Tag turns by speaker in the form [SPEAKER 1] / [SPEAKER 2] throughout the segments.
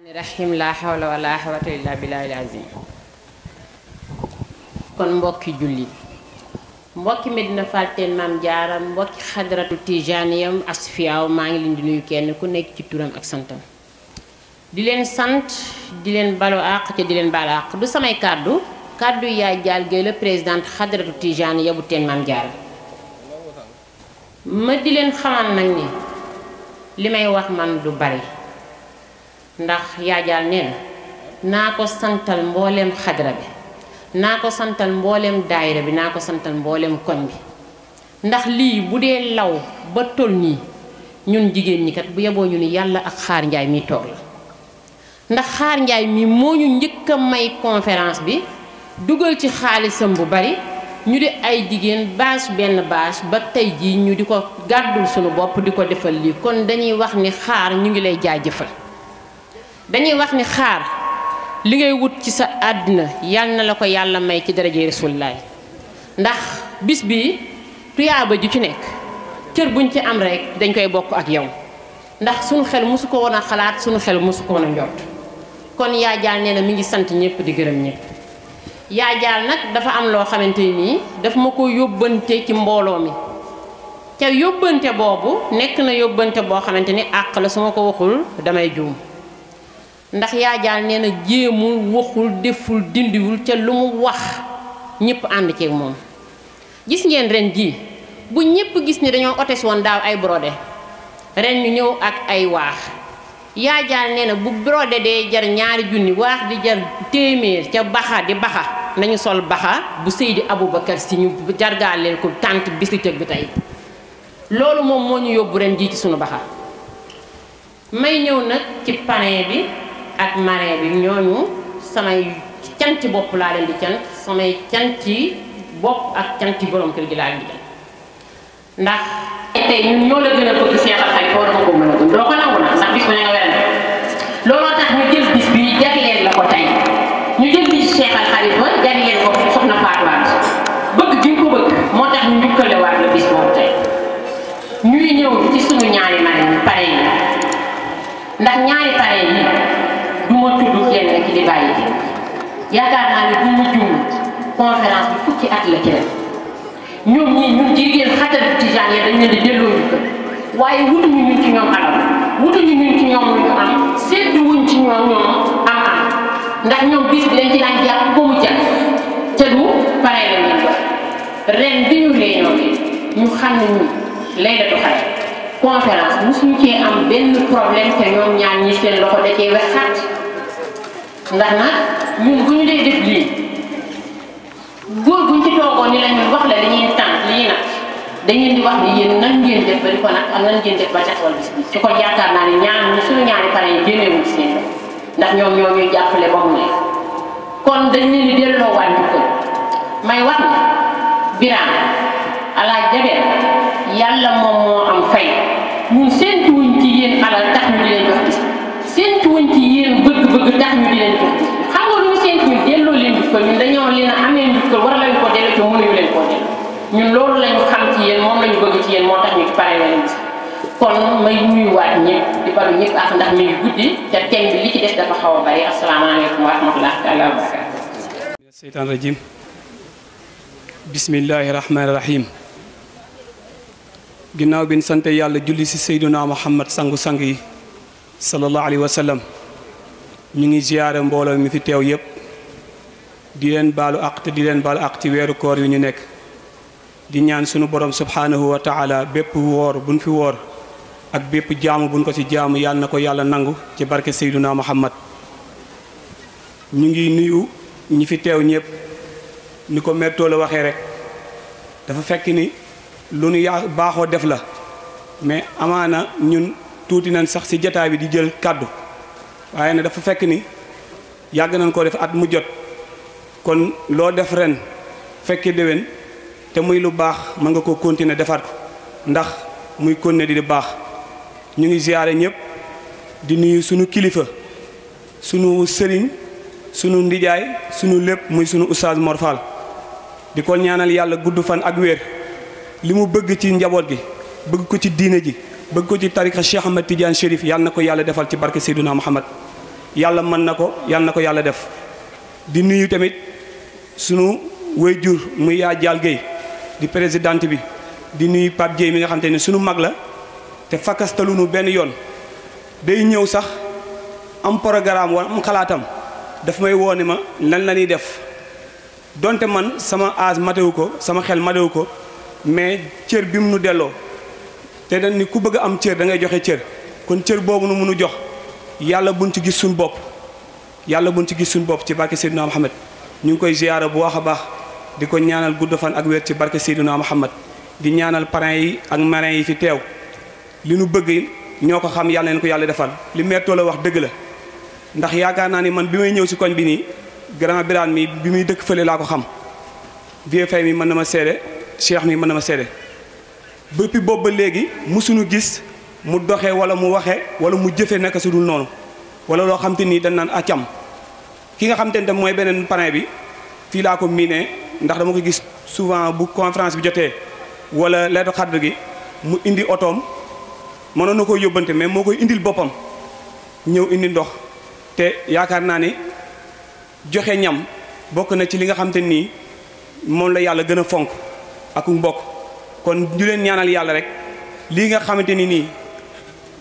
[SPEAKER 1] rahmaani rahim laa xawla wala xawata illa billahi azim kon mbokki julli mbokki Medina Fall teen maam jaaram mbokki xadaratu tijaniyam asfiyaw maa ngi leen di nuyu kenn ku nekk ci turam ak santam di leen sant di leen balu àq di leen balu du samay kàddu kàddu yaay jaal géey la présidente xadaratu tijaniya bu teen maam jaaram ma di leen xamal nag ni li may wax man du bari ndax yaajaal nee naa ko santal mbooleem xadra bi naa ko santal mbooleem daayira bi naa ko santal mboolem koñ bi ndax lii bu dee law ba toll nii ñun jigéen ñi kat bu yeboo ñu ni yàlla ak xaar njaay mi toog la ndax xaar njaay mi moo ñu njëkk a may conférence bi dugal ci xaalisam bu bari ñu di ay jigéen bâche benn baas ba tey jii ñu di ko gàddul sunu bopp di ko defal lii kon dañuy wax ni xaar ñu ngi lay jaajëfal dañuy wax ni xaar li ngay wut ci sa àddina yàlla na la ko yàlla may ci daraje Rasulullaay ndax bis bi tuyaaba ju ci nekk cër buñ ci am rek dañ koy bokk ak yow ndax suñu xel mosu ko woon a xalaat sunu xel mosu ko woon a njort kon yaa jaal nee na mi ngi sant ñëpp di gërëm ñëpp yaa jaal nag dafa am loo xamante nii dafa ma ko yóbbante ci mbooloo mi ca yóbbante boobu nekk na yóbbante boo xamante ni àq la su ma ko waxul damay juum ndax yaajaal nee na jéemul waxul deful dindiwul ca lu mu wax ñépp ànd ceeg moom gis ngeen ren jii bu ñëpp gis ni dañoo otes woon daaw ay brodé ren ñu ñëw ak ay waax yaajaal nee na bu brodé dee jar ñaari junni waax di jar téeméer ca baxa di baxa nañu sol baxa bu Seydi Aboubacar si ñu jargaaleel ko tànt bisitëg bi tey loolu moom moo ñu yóbbu ren ji ci sunu baxa may ñëw nag ci panin bi ak marraine bi ñooñu samay canti bopp laa leen di cant samay canti bopp ak canti borom kër gi laa leen di cant ndax tey ñun ñoo la gën a bëgg Cheikh Al Hadj koo dama ko mën a doo ko nangu na ndax bis bu ne nga werante looloo tax ñu jël bis bi jagleel la ba jagleel ko soxna Fatou Wade bëgg gi ñu ko bëgg moo tax ñu njukkale waat la bis boobu tey ñuy ñëw ci suñu ñaari marraine pare yi ndax ñaari pare yi moo tudd kenn ki di bàyyi yaakaar naa ne bu mu juum conférence fukki at la ci def ñoom ñii ñu jigéen xatal ci genre dañ leen di delloo ko waaye wutuñu ñun ci ñoom ñu am seddu wuñ ci ñoom ñoom am am ndax ñoom bis bi lañ ci daan jàpp ba mu jàpp te du pare la ren bi ñu réunion bi ñu xam ne ñu laylatu xadr conférence mosuñu cee am benn problème te ñoom ñaan ñi seen loxo da cee wexaat ndax nag ñun bu ñu dee def lii góor bu ñu ci toogoon ni la ñun wax la dañuy tànn lii nag dañuy di wax ni yéen nan ngeen def ba di ko nag ak nan ngeen def ba taxawal bis bi. ci naa ne ñaan ñu suñu ndax ñoom ñoo ñuy jàppale ba mu ne kon dañ leen di delloo waat ñu ko may wax ni Birame alaaj Jaber yàlla moom moo. ñu tax ñu di leen ko xam nga lu seen ñu delloo leen njukkal ñun dañoo leen a amee njukkal war lañu ko delloo ci mënuñu leen koo delloo ñun loolu lañu xam ci yéen moom lañu bëgg ci yéen moo tax ñu pare leen ci kon may nuyuwaat ñëpp di balu ñëpp ak ndax mi ngi guddi te thème bi li ci des dafa xaw a bari asalaamaaleykum wa rahmatulah taala wa barakaatu
[SPEAKER 2] mina seytaan rajim bismillahi rahmaani rahim ginnaaw bi ñu sante yàlla julli si sayduna muhammad sangu-sang yi sallallahu alayhi wa ñu ngi ziaré mbolo mi fi tew yépp di len balu àq di len bal àq wéru koor yu ñu nekk di ñaan sunu borom subhanahu wa taala bép woor buñ fi woor ak bép jaamu buñ ko ci jaamu yal na yalla nangu ci barké sayyiduna Muhammad ñu ngi nuyu ñi fi tew ñépp ni metto la waxé rek dafa fekk ni lu ñu yaa def la mais amana ñun tuti nan sax ci bi di jël waaye ne dafa fekk ni yàgg nañ koo def at mu jot kon loo def ren fekkee déwén te muy lu baax mën nga ko continuer defaat ko ndax muy continuer di di baax ñu ngi ziyaare ñëpp di nuyu sunu kilifa sunu sëriñ sunu ndijaay sunu lépp muy sunu oustaz Mor di ko ñaanal yàlla gudd fan ak wér li mu bëgg ci njaboot gi bëgg ko ci diine ji bëgg ko ci tariqa Cheikh Ahmad Tidiane Chérif yàlla na ko yàlla defal ci barke Seydouna Muhammad yàlla mën na ko yàlla na ko yàlla def di nuyu tamit sunu wayjur muy yaa jaal Guèye di présidente bi di nuyu Pape Dieye mi nga xam te ne sunu mag la te fakastalunu benn yoon day ñëw sax am programme wala am xalaatam daf may woone ma lan la ñuy def donte man sama âge matewu ko sama xel matewu ko mais cër bi mu nu delloo te dañ ni ku bëgg am cër da ngay joxe cër kon cër boobu nu munu jox yàlla buñ ci gis suñ bopp yàlla buñ ci gis suñ bopp ci barke Seydina Muhammad ñu ngi koy ziyaara bu wax a baax di ko ñaanal gudd fan ak wér ci barke Seydina Muhammad di ñaanal parrain yi ak marraine yi fi teew li nu bëgg ñoo ko xam yàlla neen ko yàlla defal li mettoo la wax dëgg la ndax yaakaar naa ni man bi may ñëw si koñ bi nii grand biraan mi bi muy dëkk fële laa ko xam vieux fay mi mën na ma seede cheikh mi mën na ma seede bëppi bobb ba léegi gis mu doxee wala mu waxee wala mu jëfee naka su dul noonu wala loo xam te ni dañ naan acam ki nga xam ne mooy beneen bi fii laa ko ndax dama ko gis souvent bu conférence bi jotee wala lettre gi mu indi otoom mënoon na koo yóbbante mais moo koy indil boppam ñëw indi ndox te yaakaar naa ni joxe ñam bokk na ci li nga xam ni nii moom la yàlla gën fonk ak mbokk kon ñu leen ñaanal yàlla rek lii nga xamante ni nii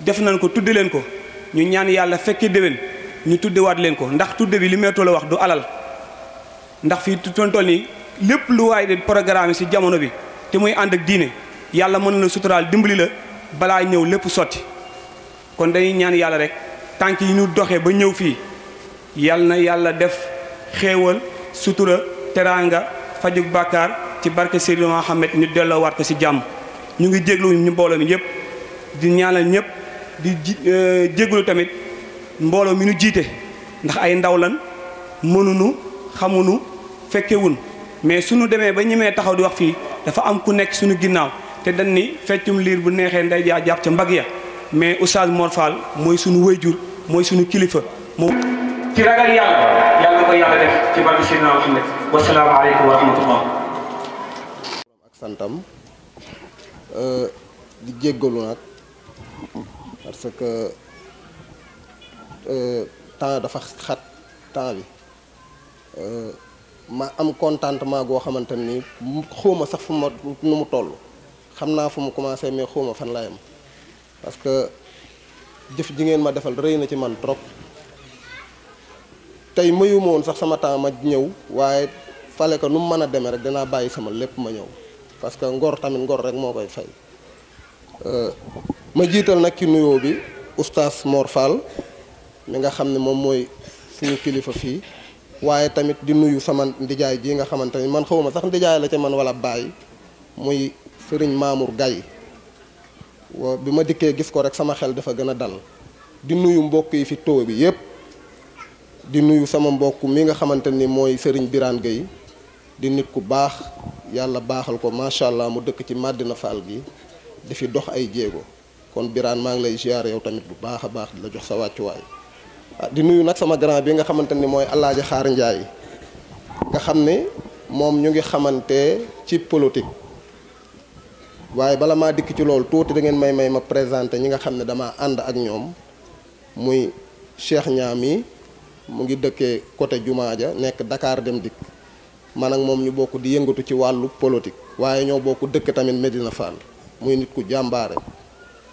[SPEAKER 2] def nañ ko tudde leen ko ñu ñaan yàlla fekke déwén ñu tuddewaat leen ko ndax tudde bi li meetoo la wax du alal ndax fii tontol nii lépp lu waay de programme ci jamono bi te muy ànd ak diine yàlla mën na la suturaal dimbali la balaa ñëw lépp sotti kon dañuy ñaan yàlla rek tànk yi ñu doxee ba ñëw fii yàlla na yàlla def xéewal sutura teraanga fajug bàkkaar ci barke Seydina Mohamed ñu delloo waat ko si jàmm ñu ngi jéglu ñu mbooloo mi yëpp di ñaanal ñëpp di ji euh, jéglu tamit mbooloo mi nu jiite ndax ay ndaw lan mënuñu xamuñu fekkewun mais suñu demee ba ñemee taxaw di wax fii dafa am ku nekk suñu ginnaaw te dañ ni feccum liir bu neexee nday jaa ca mbag ya mais Oustaz Mor Fall mooy suñu wëyjur mooy suñu kilifa moom ci ragal yàlla yàlla ko yàlla def ci barke Seydina Mohamed wasalaamu aleykum
[SPEAKER 3] wa santam euh, di jéggalu nag parce que euh, temps dafa xat temps bi euh, ma am contentement goo xamante ni xawma sax fu ma nu mu toll xam naa fu mu commencé mais xawma fan laay am parce que jëf ji ngeen ma defal rëy na ci man trop tey mayu ma woon sax sama temps ma ñëw waaye fale ko nu mu mën a demee rek danaa bàyyi sama lépp ma ñëw parce que ngor tamit ngor rek moo koy fay ma jiital nag ci nuyoo bi oustaz Mor mi nga xam ne moom mooy suñu kilifa fii waaye tamit di nuyu sama ndijaay ji nga xamante ni man ma sax ndijaay la ca man wala baay muy sëriñ Mamour Gaye wa bi ma dikkee gis ko rek sama xel dafa gën a dal di nuyu mbokk yi fi tóo bi yépp di nuyu sama mbokk mi nga xamante ni mooy sëriñ Birane Gueye di nit ku baax yàlla baaxal ko macha allah mu dëkk ci Madina Fall gi di fi dox ay jéego kon Birane maa ngi lay ziar yow tamit bu baax a baax di la jox sa wàccuwaay ah, di nuyu nag sama grand bi nga xamante ni mooy Alaaji Xaar Njaay nga xam ne moom ñu ngi xamante ci politique waaye bala ma dikk ci loolu tuuti da ngeen may may ma présenté ñi nga xam ne damaa ànd ak ñoom muy Cheikh Ñaam yi mu ngi dëkkee côté Jumaa ja nekk dakaar dem dikk man ak moom ñu bokk di yëngatu ci wàllu politique waaye ñoo bokk dëkk tamit Medina Fall muy nit ku jàmbaare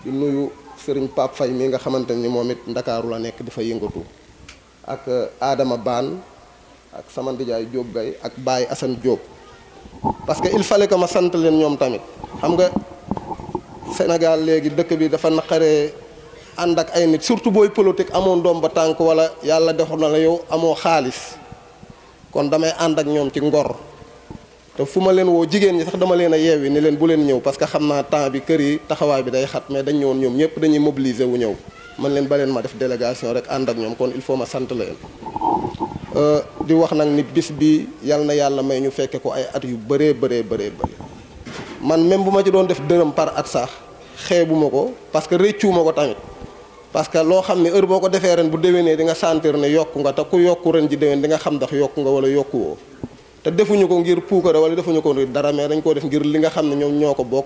[SPEAKER 3] di nuyu sëriñ Pape fay mii nga xamante ni moom it ndakaaru la nekk di fa yëngatu ak aadama euh, Baan ak sama ndijaay Diop Gaye ak Baye Assane Diop parce que il fallait que ma sant leen ñoom tamit xam nga Sénégal léegi dëkk bi dafa naqaree ànd ak ay nit surtout booy politique amoon doom ba tànk wala yàlla defoon na la yow amoo xaalis kon damay ànd ak ñoom ci ngor te fu ma leen woo jigéen ñi sax dama leen a yeewi ni leen bu leen ñëw parce que xam naa temps bi kër yi taxawaay bi day xat mais dañ ñëwoon ñoom ñëpp dañuy mobiliser wu ñëw man leen ba leen ma def délégation rek ànd ak ñoom kon il faut ma sant leen euh, di wax nag ni bis bi yal na yàlla may ñu fekke ko ay at yu bëree bëree bëree bëri man même bu ma ci doon def dërëm par at sax xeebuma ko parce que rëccuuma ko tamit parce que loo xam ne heure boo ko defee ren bu déwénee di nga sentir ne yokku nga te ku yokk ren ji déwén di dinga xam ndax yokk nga wala yokku woo te defuñu ko ngir puukare wala defuñu ko ngir dara mais dañ koo def ngir li nga xam ne ñoom ñoo ko bokk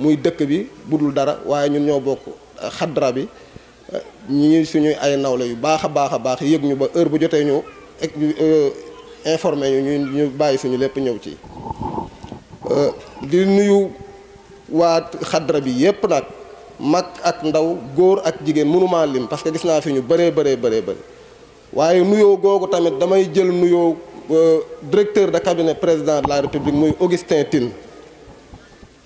[SPEAKER 3] muy dëkk bi bu dul dara waaye ñun ñoo bokk euh, xaddara bi euh, ñi suñuy ay nawle yu baax a baax a baax yëg ñu ba heure bu jotee ñu euh, informé ñu ñu bàyyi suñu lépp ñëw ci di nuyu waa xadra bi yépp nag mag ak ndaw góor ak jigéen mënuma lim parce que gis naa fi ñu bëree bëree bëree bëri waaye nuyoo googu tamit damay jël nuyoo euh, directeur de cabinet président de la république muy Augustin Tine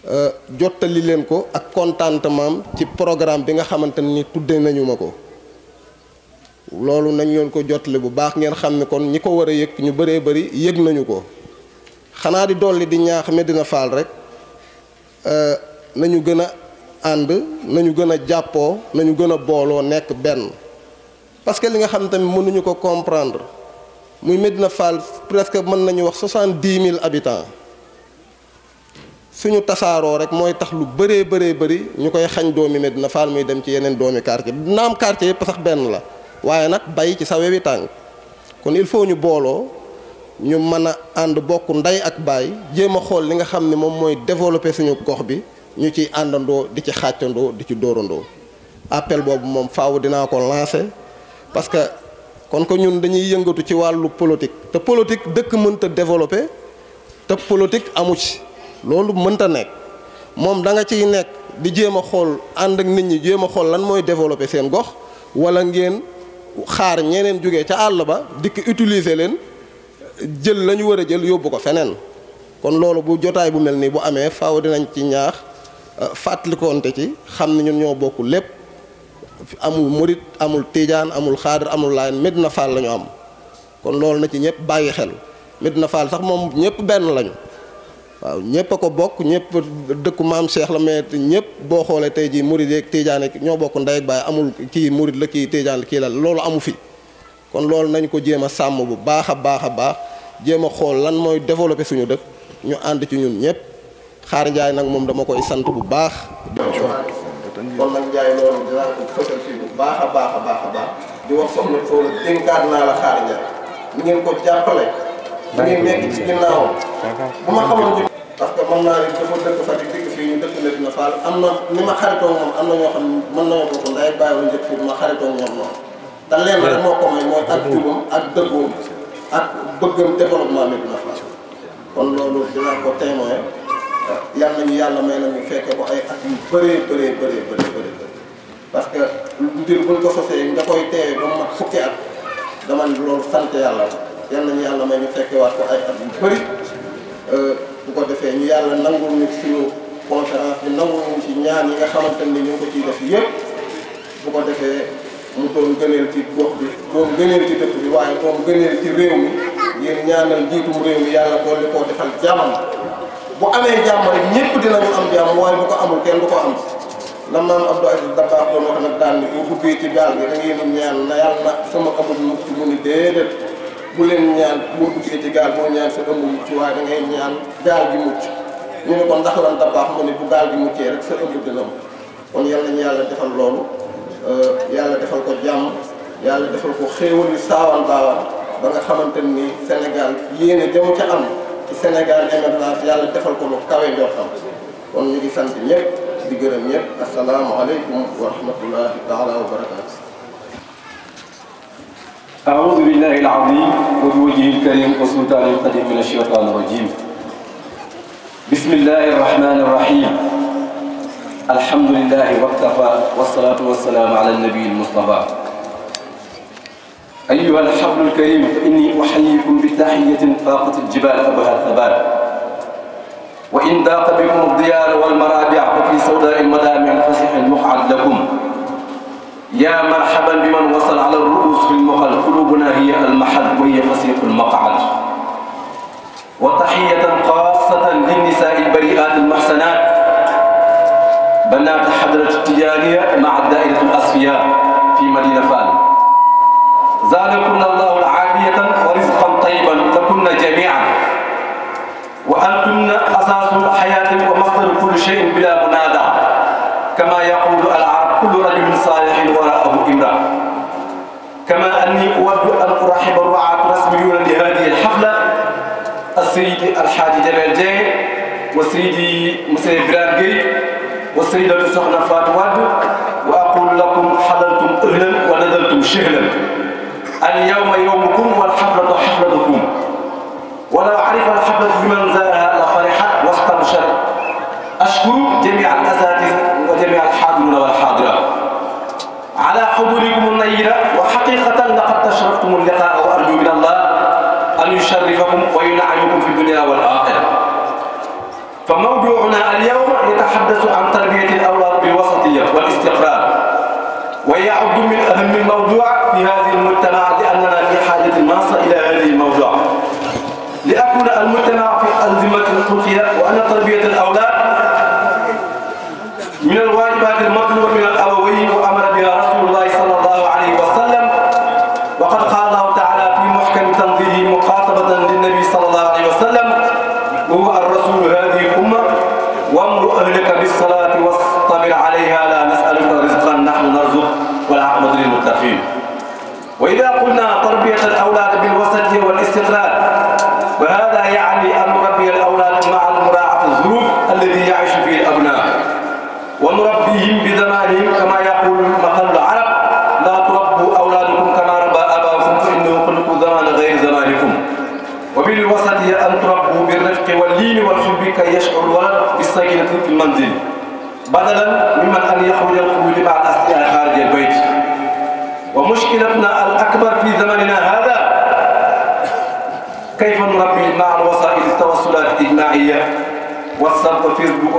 [SPEAKER 3] euh, jottali leen ko ak contentement ci programme bi nga xamante ni tuddee nañu ma ko loolu nañ leen ko jottali bu baax ngeen xam ne kon ñi ko war a yëg ñu bëree bëri yëg nañu ko xanaa di dolli di ñaax Medina Fall rek euh, nañu gën a ànd nañu gën a jàppoo nañu gën a booloo nekk benn parce que li nga xam tamit mënuñu ko comprendre muy Medina Fall presque mën nañu wax soixante-dix mille habitants suñu tasaaroo rek mooy tax lu bëree bëree bëri ñu koy xañ doomi Medina Fall muy dem ci yeneen doomi quartier naam quartier yëpp sax benn la waaye nag bay ci sa wewi tànk kon il faut ñu booloo ñu mën a ànd bokk ndey ak baay jéem a xool li nga xam ni moom mooy développer suñu gox bi ñu ciy àndandoo di ci xàccandoo di ci dóorandoo appel boobu moom faaw dinaa ko lancé parce que kon ko ñun dañuy yëngatu ci wàllu politique te politique dëkk mënta développé te politique amu ci loolu mënta nekk moom da nga ciy nekk di jéem a xool ànd ak nit ñi jéem a xool lan mooy développé seen gox wala ngeen xaar ñeneen jógee ca àll ba dikk utiliser leen jël la ñu war a jël yóbbu ko feneen kon loolu bu jotaay bu mel nii bu amee faaw dinañ ci ñaax. Euh, fàttalikoonte ci xam ne ñun ñoo bokk lépp amul murit amul tiijaan amul xaadir amul laayan Medina Fall la ñu am kon loolu na ci ñëpp bàyyi xel Medina Fall sax moom ñëpp benn lañu waaw ñëpp a ko bokk ñëpp dëkku maam Cheikh la mais ñëpp boo xoolee tey jii murit yeeg tiijaan yeeg ñoo bokk ndey ak baay amul kii murit la kii tiijaan la kii la loolu amu fi kon loolu nañ ko jéem a sàmm bu baax a baax a baax jéem a xool lan mooy développer suñu dëkk ñu ànd ci ñun ñëpp. xaar njaay nag moom dama koy sant bu baax. kon nag njaay loolu dinaa ko bu baax a baax a baax a baax di wax soxna Fowla dénkaat naa la xaar njaay ñu ngeen ko jàppale.
[SPEAKER 4] ñu ngi nekk ci ginnaawam. bu ma xamoon
[SPEAKER 3] ci. parce que mën naa leen dafa dëkk Fatick dëkk fii na ni ma xaritoo moom am na ñoo xam ne mën na ma bokk ndax ay bàyyiwul njëkk fii ma xaritoo ñoom noonu. te leen rek moo ko may mooy ak jubam ak dëggoom ak bëggam développement Medina Fall kon loolu dinaa ko témoin yàlla ñu yàlla may ñu fekke ko ay at yu bëree bëree bëree bëri bëri parce que mbir buñ ko sosee nga koy teewee ba mu mat fukki at dama ne loolu sant yàlla la yàlla ñu yàlla may ñu fekke waat ko ay at yu bëri euh, bu ko defee ñu yàlla nangul ñu suñu conférence bi nangul ci ñaan yi nga xamante ni ñu ko ciy def yëpp bu ko defee mu doon gëneel ci gox bi doon gëneel ci dëkk bi waaye doon gëneel ci réew mi ngir ñaanal njiitum réew mi yàlla doon li koo defal jàmm bu amee jàmm rek ñëpp dinañu am jàmm waaye bu ko amul kenn du ko am la maam Abdou Aziz Dabakh doon wax nag daan ni bu ubbee ci gaal gi da ngeen ñaan na yàlla sama amul mucc mu bu leen ñaan boo ubbee ci gaal boo ñaan sa ëmb mucc waaye da ngay ñaan gaal ji mucc ñu ne kon ndax lan Dabakh mu ne bu gaal gi muccee rek sa ëmb dina am kon yal nañu yàlla defal loolu euh, yàlla defal ko jàmm yàlla defal ko xéewal yu saawan baawaan ba nga xamante ni Sénégal yéene jamu ca am ci Sénégal émergence yàlla defal ko lu kawe njortam kon ñu ngi sant ñëpp di gërëm ñëpp asalaamualeykum wa rahmatullahi taala
[SPEAKER 5] أعوذ بالله العظيم وبوجهه الكريم وسلطانه القديم من الشيطان الرجيم بسم الله الرحمن الرحيم الحمد لله وكفى والصلاة والسلام على النبي المصطفى أيها الحفل الكريم فإني أحييكم بتحية فاقت الجبال أبها الثبات وإن ضاق بكم الديار والمرابع ففي سوداء المدامع الفسح المقعد لكم يا مرحبا بمن وصل على الرؤوس في المقل قلوبنا هي المحل وهي فسيح المقعد وتحية خاصة للنساء البريئات المحسنات بنات حضرة التجارية مع الدائرة الأصفياء في مدينة زادكن الله العافية ورزقا طيبا لكن جميعا وأنتن أساس الحياة ومصدر كل شيء بلا منادى كما يقول العرب كل رجل صالح وراءه امرأة كما أني أود أن أرحب الرعاة الرسميون لهذه الحفلة السيد الحاج جمال جاي وسيدي مسيد إبراهيم جاي وسيدة سخنة فاتواد وأقول لكم حضرتم أهلا ونزلتم شهلا اليوم يومكم والحفلة حفلتكم ولو عرف الحفلة بمن زارها لفرحت واستبشرت أشكر جميع الأساتذة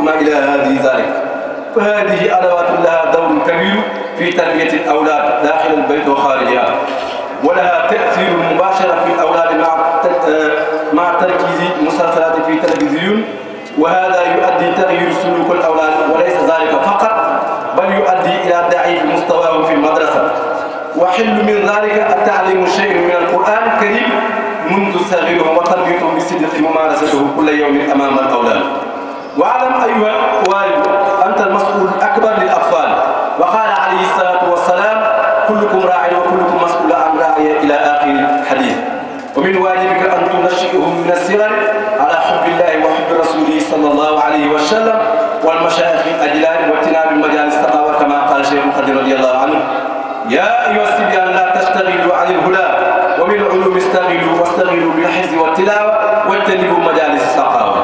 [SPEAKER 5] وما إلى هذه ذلك فهذه أدوات لها دور كبير في تربية الأولاد داخل البيت وخارجها ولها تأثير مباشر في الأولاد مع آه، مع تركيز مسلسلات في التلفزيون وهذا يؤدي تغيير سلوك الأولاد وليس ذلك فقط بل يؤدي إلى ضعيف مستواهم في المدرسة وحل من ذلك التعليم شيء من القرآن الكريم منذ صغيرهم وتربيتهم بصدق ممارسته كل يوم أمام الأولاد واعلم أيها الوالد أنت المسؤول الأكبر للأطفال وقال عليه الصلاة والسلام كلكم راع وكلكم مسؤول عن راعيه إلى آخر الحديث ومن واجبك أن تنشئهم من السير على حب الله وحب رسوله صلى الله عليه وسلم والمشايخ الأجلال واجتناب المجالس التقوى كما قال شيخ مقدم رضي الله عنه يا أيها الصبيان لا تشتغلوا عن الهدى ومن العلوم استغلوا واستغلوا بالحفظ والتلاوة واجتنبوا مجالس السقاوه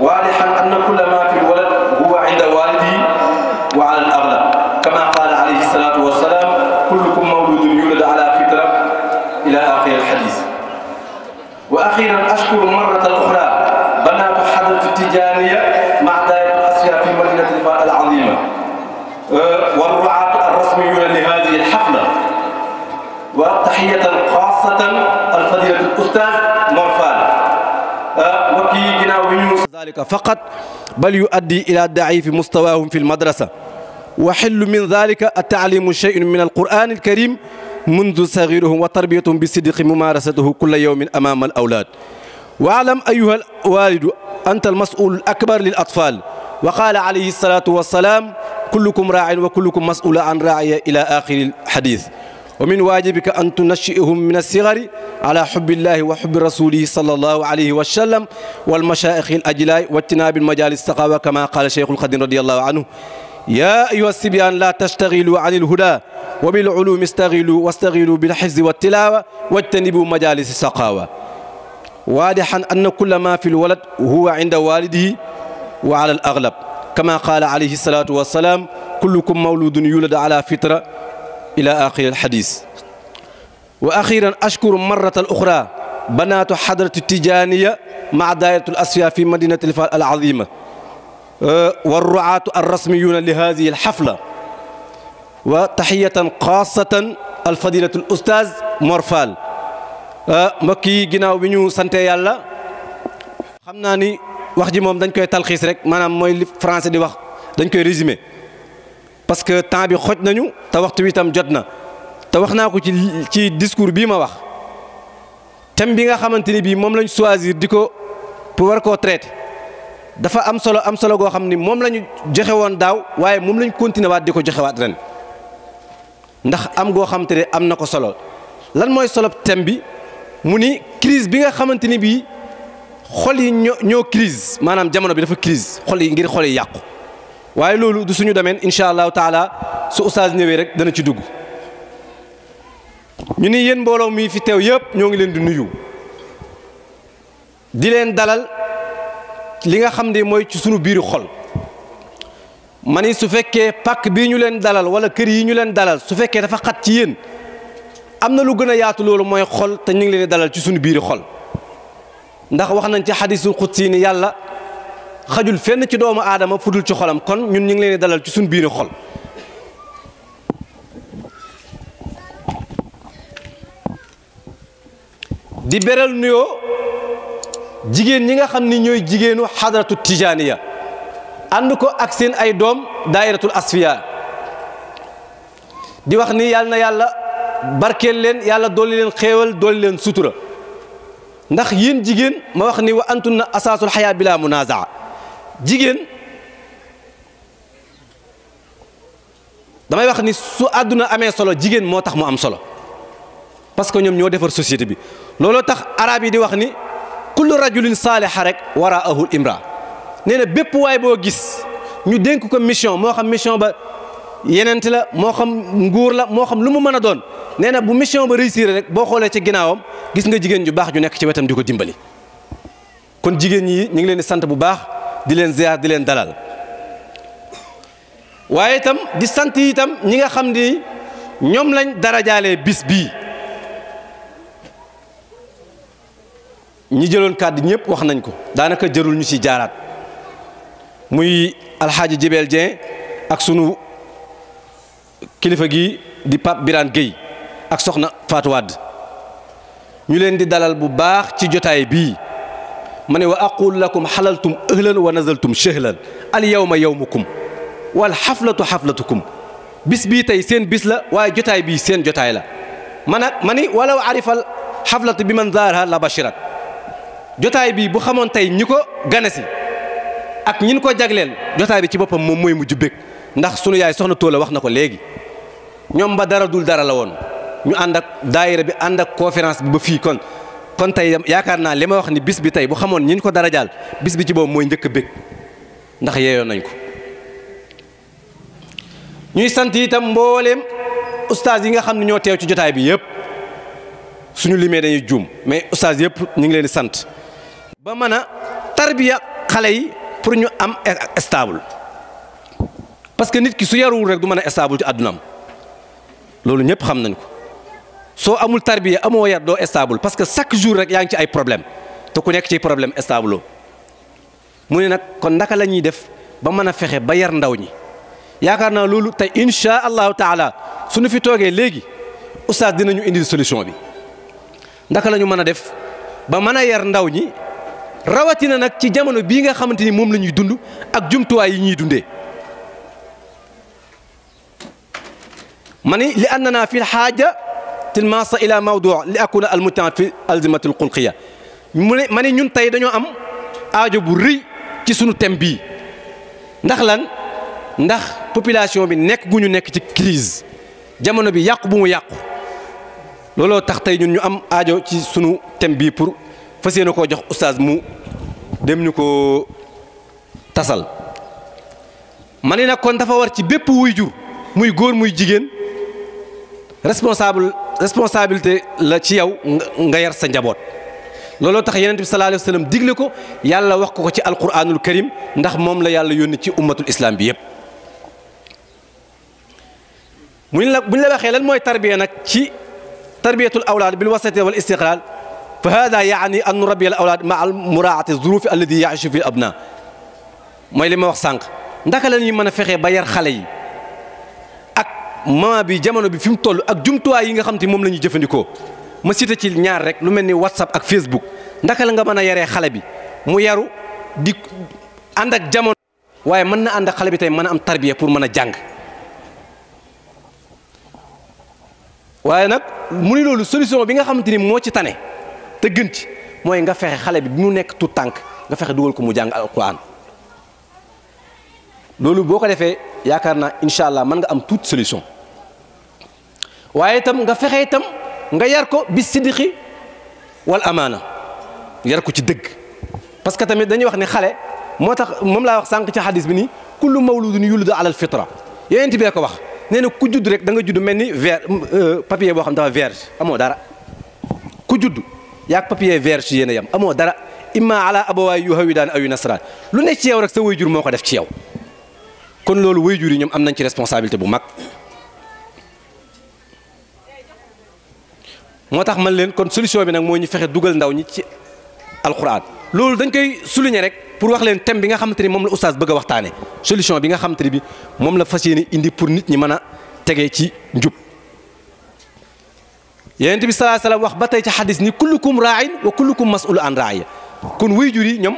[SPEAKER 4] واضحا أن كل ما في الولد هو عند والده وعلى الأغلب كما قال عليه الصلاة والسلام كلكم مولود يولد على فطرة
[SPEAKER 5] إلى آخر الحديث وأخيرا أشكر مرة أخرى بنات حضرة التجانية مع دائرة أسيا في مدينة الفاء العظيمة أه، والرعاة الرسميون لهذه الحفلة وتحية خاصة الفضيلة الأستاذ مرفان أه، وكي جناو ذلك فقط بل يؤدي إلى ضعيف مستواهم في المدرسة وحل من ذلك التعليم شيء من القرآن الكريم منذ صغيرهم وتربيتهم بصدق ممارسته كل يوم أمام الأولاد واعلم أيها الوالد أنت المسؤول الأكبر للأطفال وقال عليه الصلاة والسلام كلكم راع وكلكم مسؤول عن راعية إلى آخر الحديث ومن واجبك أن تنشئهم من الصغر على حب الله وحب رسوله صلى الله عليه وسلم والمشائخ الأجلاء واتناب المجالس التقاوى كما قال شيخ الخدين رضي الله عنه يا أيها السبيان لا تشتغلوا عن الهدى وبالعلوم استغلوا واستغلوا بالحفظ والتلاوة واجتنبوا مجالس السقاوة واضحا أن كل ما في الولد هو عند والده وعلى الأغلب كما قال عليه الصلاة والسلام كلكم مولود يولد على فطرة إلى آخر الحديث وأخيرا أشكر مرة أخرى بنات حضرة التجانية مع دائرة الأسياء في مدينة الفال العظيمة آه، والرعاة الرسميون لهذه الحفلة وتحية خاصة الفضيلة الأستاذ مورفال آه، مكي yi ginnaaw سنتي الله خمناني yàlla xam دنكو ni رك ji moom dañ koy talxiis rek maanaam parce que temps bi xoj nañu te waxtu wi itam jot na te wax naa ko ci ci discours bii ma wax thème bi nga xamante ni bii moom lañ choisir di ko pour war koo traiter dafa am solo am solo goo xam ni moom la joxe woon daaw waaye moom lañ continuer waat di ko joxe waat ren ndax am goo xamante ne am na ko solo lan mooy solo thème bi mu ni crise bi nga xamante ni bii xol yi ñoo ñoo crise maanaam jamono bi dafa crise xol yi ngir xol yi yàqu. waye lolou du suñu domaine inshallah taala su oustaz ñewé rek dana ci dugg ñu ni yéen mbolo mi fi tew yëpp ñoo ngi leen di nuyu di leen dalal li nga xam ne moy ci sunu biiru xol mani su fekke pak bi ñu leen dalal wala kër yi ñu leen dalal su fekke dafa xat ci yéen amna lu gëna yaatu lolou moy xol te ñu ngi leen dalal ci sunu biiru xol ndax wax nañ ci xadisul qudsi ni yàlla xajul fenn ci doomu aadama fudul ci xolam kon ñun ñu ngi leen di dalal ci suñu biiri xol di beral nuyoo jigéen ñi nga xam ni ñooy jigéenu xadaratu tijaaniya ànd ko ak seen ay doom daayiratul asfiya di wax ni yàlla na yàlla barkeel leen yàlla dolli leen xéewal dolli leen sutura ndax yéen jigéen ma wax ni wa antunna asaasul xayaa bila munazaa jigéen damay wax ni su aduna amé solo jigen motax mu am solo parce que ñom ñoo defar société bi lolo tax arab yi di wax ni kullu rajulin salih rek waraahu imra neena bépp way bo gis ñu dénk ko mission mo xam mission ba yenent la mo xam nguur la mo xam lu mu mën doon neena bu mission ba réussir rek bo xolé ci ginaawam gis nga jigen ju bax ju nek ci wetam diko dimbali kon jigen yi ñi ngi leen di sante bu bax di leen ziar di leen dalal waaye itam di sant itam ñi nga xam ni ñoom lañ darajaalee bis bii ñi jëloon kàddu ñëpp wax nañ ko daanaka jërul ñu ci jaaraat muy alxaaji Jibeel Dieng ak sunu kilifa gi di Pape Birane Gueye ak soxna Fatou Wade ñu leen di dalal bu baax ci jotaay bii من وأقول لكم حللتم أهلا ونزلتم شهلا اليوم يومكم والحفلة حفلتكم بس بيتاي سين بسلا وجتاي بي سين جتاي لا من مني ولو عرف الحفلة بمن زارها لا بشرك جتاي بي بخمون تاي نيكو غانسي اك نين كو جتاي بي تي بوبام موم موي مودي بك ناخ سونو ياي سخنا تولا واخ نكو ليغي نيوم با دارا دول دارا لا وون ñu and ak daayira bi kon tey yaakaar naa li ma wax ni bis bi tey bu xamoon ñi ñu ko dara jaal bis bi ci boobu mooy njëkk a bég ndax yeeyoon nañ ko ñuy sant itam mbooleem ustaas yi nga xam ne ñoo teew ci jotaay bi yëpp suñu limee dañuy juum mais ustaas yëpp ñu ngi leen di sant ba mën a tarbiya xale yi pour ñu am e-, stable parce que nit ki su yaruwul rek du mën a stable ci àddunaam loolu ñëpp xam nañ ko so amul tarbiya amo yar do stable parce que chaque jour rek yang ci ay problème te ku nek ci problème stable mu ne nak kon naka lañuy def ba meuna fexe ba yar ndaw ñi yakarna lolu loolu insha allah taala suñu fi toogee légui oustad dinañu indi solution bi naka lañu meuna def ba meuna yar ndaw ñi na nak ci jamono bi nga xamanteni mom lañuy dund ak jumtuwaay yi ñi dundé mani li annana fi al haja tilmaasa ila mawduu li akuna al mujtama fi alzimatil xulqiya mu ne ma ne ñun tey dañoo am aajo bu rëy ci sunu thème bii ndax lan ndax population bi nekk gu ñu nekk ci crise jamono bi yàqu bu mu yàqu looloo tax tey ñun ñu am aajo ci sunu thème bii pour fas yéene koo jox oustaz mu dem ñu ko tasal ma ne nag kon dafa war ci bépp wuy jur muy góor muy jigéen responsable responsabilité la ci yow nga yar sa njabot lolo tax yenenbi sallallahu alayhi wasallam digle ko yàlla wax ko ci alquranul karim ndax mom la yàlla yoni ci ummatul islam bi yeb mu la bu la waxee lan moy tarbiya nak ci tarbiyatul awlad bil wasati wal istiqlal fa hada yaani an rabbi al awlad ma al muraati dhuruf alladhi yaishu fi al abna moy li ma wax sank ndaka la ñuy mën a ba yar xale yi moment bi jamono bi fi mu toll ak jumtuwaay yi nga xam te moom la ñuy jëfandikoo ma cité ci ñaar rek lu mel ni whatsapp ak facebook ndaka la nga mën a yaree xale bi mu yaru dikk ànd ak jamono. waaye mën na ànd ak xale bi tey mën a am tarbiya pour mën a jàng waaye nag mu ni loolu solution bi nga xamante ni moo ci tane te gën ci mooy nga fexe xale bi bi mu nekk tout tànk nga fexe dugal ko mu jàng alquran loolu boo ko defee yaakaar naa incha allah mën nga am toute solution. waye tam nga fexe tam nga yar ko bis sidiqi wal amana yar ko ci deug parce que tamit dañuy wax ni xale motax mom la wax sank ci hadith bi ni kullu mawludun ala al fitra yonent bee ko wax neena ku judd rek da nga judd melni ni ver papier bo xam dafa vierge amo dara ku judd yak papier vierge ci yeena yam amo dara imma ala abawaay yu hawidaan aw yu lu ne ci yow rek sa wayjur moko def ci yow kon lolu wayjur ñom am nañ ci responsabilité bu mag motax man len kon solution bi nak moy ñu fexe duggal ndaw ñi ci alquran lool dañ koy souligner rek pour wax len thème bi nga xamanteni mom la oustaz bëgg waxtané solution bi nga xamanteni bi mom la fasiyene indi pour nit ñi mëna a ci njub yeen tibi sallallahu alayhi wasallam wax batay ci hadith ni kullukum ra'in wa kullukum mas'ul an ra'iy kon waajur juri ñom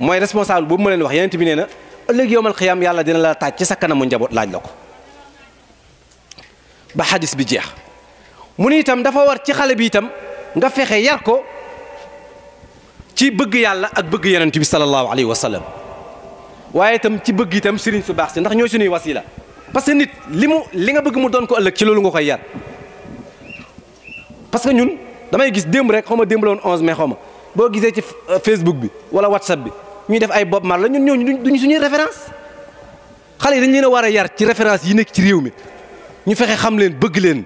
[SPEAKER 5] moy responsable bu mu leen wax yeen tibi neena ëlëk ëllëg yowmal xiyaam yàlla dina la taaj ci sa kanamu njabot laaj lako ba hadith bi jeex mu itam dafa war ci xale bi itam nga fexe yar ko ci bëgg yàlla ak bëgg yenenbi bi sallallahu alayhi wa sallam waaye itam ci bëgg itam serigne su bax ci ndax ñoo suñuy wasila parce que nit limu li nga bëgg mu doon ko ëlëk ci loolu nga koy yar parce que ñun damay gis démb rek xaw démb lawon 11 mai xaw bo gisé ci Facebook bi wala WhatsApp bi ñuy def ay Bob mar la ñun ñoo duñu suñu référence xale dañ leena wara yar ci référence yi nekk ci réew mi ñu fexe xam leen bëgg leen.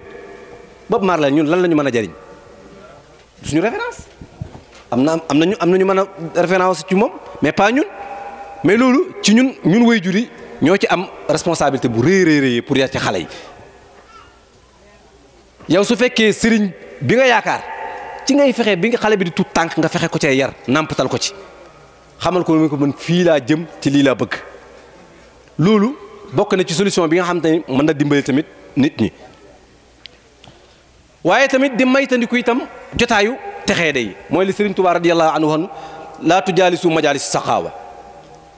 [SPEAKER 5] Bob Marley ñun lan lañu mëna jariñ suñu référence amna amna ñu amna ñu mëna référence ci mom mais pas ñun mais lolu ci ñun ñun way juri ci am responsabilité bu reey reey reey pour ya ci xalé yi yow su fekke sëriñ bi nga yaakar ci ngay fexé bi nga xalé bi di tout tank nga fexé ko ci yar nampatal ko ci xamal ko ko man fi la jëm ci li la bëgg lolu bok na ci solution bi nga xamanteni na tamit nit ñi waye tamit di kuy tam jotaayu texe day moy li serigne touba radiyallahu anhu waxoon laa tujaalisu majaalis saxaawa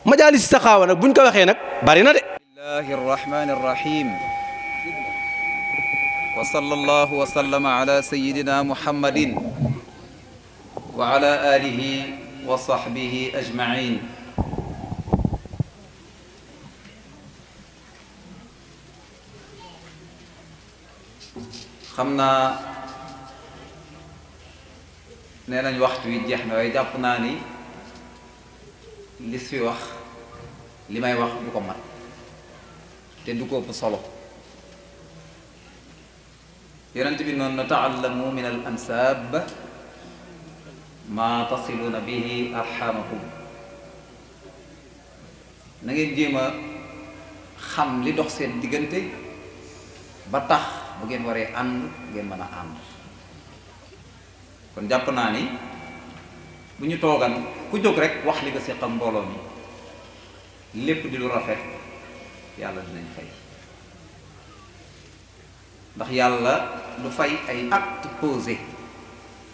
[SPEAKER 5] majaalis saxaawa nag buñ ko waxe nak bari na de
[SPEAKER 6] bismillahi arrahmani rahim wa sallallahu wa sallama ala sayyidina muhammadin wa ala alihi wa sahbihi ajmain xamna naa waxtu yi jeex na way jàpp na ni li fi wax limay wax du ko mat te du ko ëpp solo yarant bi non taallamu min al ansab ma tasiluna bihi arhamakum na ngeen jema xam li dox sen digeunte ba tax bu ngeen waree ànd ngeen mën a ànd kon jàpp naa ni bu ñu toogan ku jóg rek wax li nga séqam mbooloo mi lépp di lu rafet yàlla dinañ fay ndax yàlla du fay ay acte posé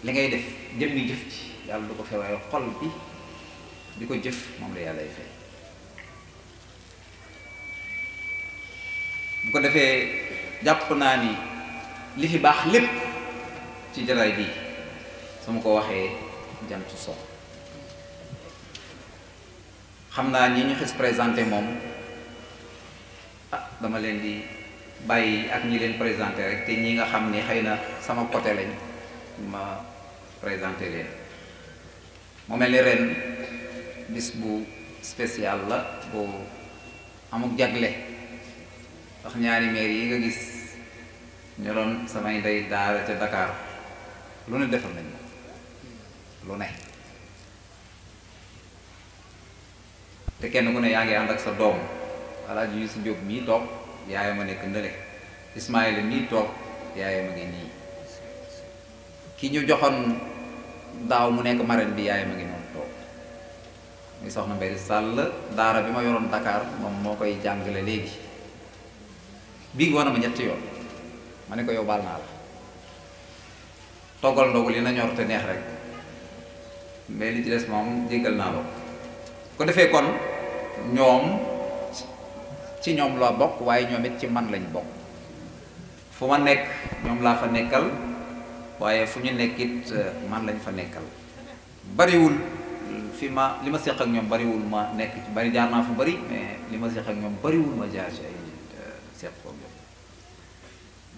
[SPEAKER 6] li ngay def jëmmi jëf ci yàlla du ko fay waaye xol bi di ko jëf moom la yàllay fay bu ko defee jàpp naa ni li fi baax lépp ci jataay bi su ma ko waxee jant so xam naa ñi ñu xis présenté moom ah dama leen di bàyyi ak ñi leen présenté rek te ñi nga xam ni xëy na sama côté lañ ma présenté leen mu mel ni ren bis bu spécial la bu amuk jagle ndax ñaari maire yi nga gis ñu doon samay day daara ca Dakar lu ne defal nañ lu ne te kenn ku ne yaa ngi ànd ak sa doom Alaaji Yuusu Jóob mii toog yaayam a nekk ndële Ismaayla mii toog yaayam a ngi nii ki ñu joxoon daaw mu nekk marraine bi yaayam a ngi noonu toog muy soxna Mbéri Sàll daara bi ma yoroon Dakar moom moo koy jàngale léegi bii woon na ma ñetti yoon mané ko yow baal naa la togal ndogul ina ñor te neex rek mais li ci dess mom jéggal na la ko defee kon ñom ci ñom la bok ñomit ci man lañ bok. fu ma nekk la fa nekkal waye fu ñu it eh, man lañ fa nekkal bariwul fi ma lima ma ak ñom bari wul ma nek ci bari jaar na fu bari mais lima ma ak ñom bari wul ma jaar ci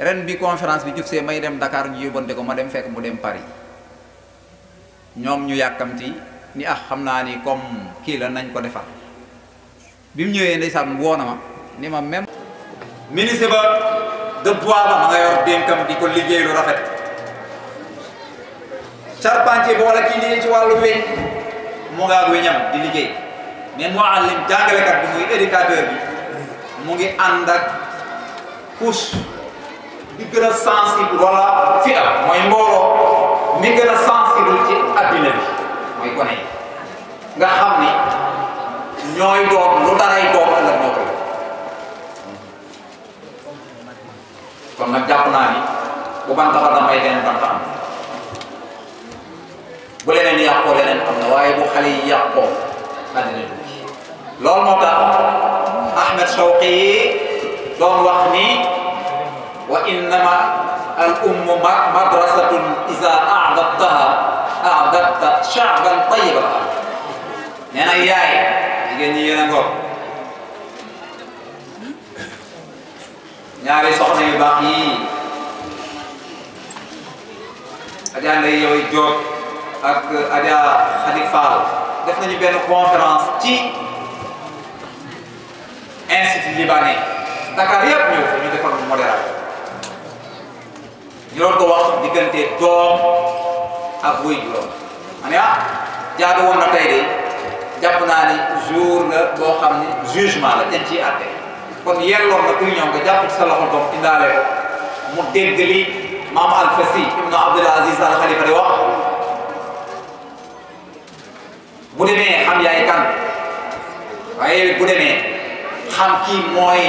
[SPEAKER 6] ren bi conférence bi jub see may dem Dakar ñu yóbbante ko ma dem fekk mu dem Paris ñoom ñu yàkkamti ni ah xam naa ni comme kii la nañ ko defar bi mu ñëwee ndeysaan woo na ma ni ma même. ministre ba de bois la ma nga yor dénkam di ko liggéey lu rafet charpentier ba wala kii liggéey ci wàllu weñ mu ngaa weñam di liggéey mais moo àllim jàngalekat bi muy éducateur bi mu ngi ànd ak couche. bi gën a sensible wala fi am mooy mbooloo mi gën a sensible ci addina bi mooy gone yi nga xam ni ñooy doon lu daray doon ëllëg ñoo koy kon nag jàpp naa ni bu bantaxal damay leen bantaxam bu leneen yàqoo leneen am na waaye bu xale yi yàqoo addina bi loolu moo tax Ahmed Shawqi doon wax ni وإنما الأم مدرسة إذا أعددتها أعددت شعبا طيبا نانا إياي يجيني ينقر نعري صحنا يباقي أجا نعي يوي جوك أك أجا خليفال دفنا نبين كونفرانس تي أنسيت الليباني دكاريا بيوفي نتفرم مدرسة loolu ko wax diggante doom ah, woon na tey naa ni jour ne jugement la dañ ciy kon yelloon na jàpp ci sa loxo doom indaale ko mu dégg di wax bu demee xam yaay kan waaye bu demee xam kii mooy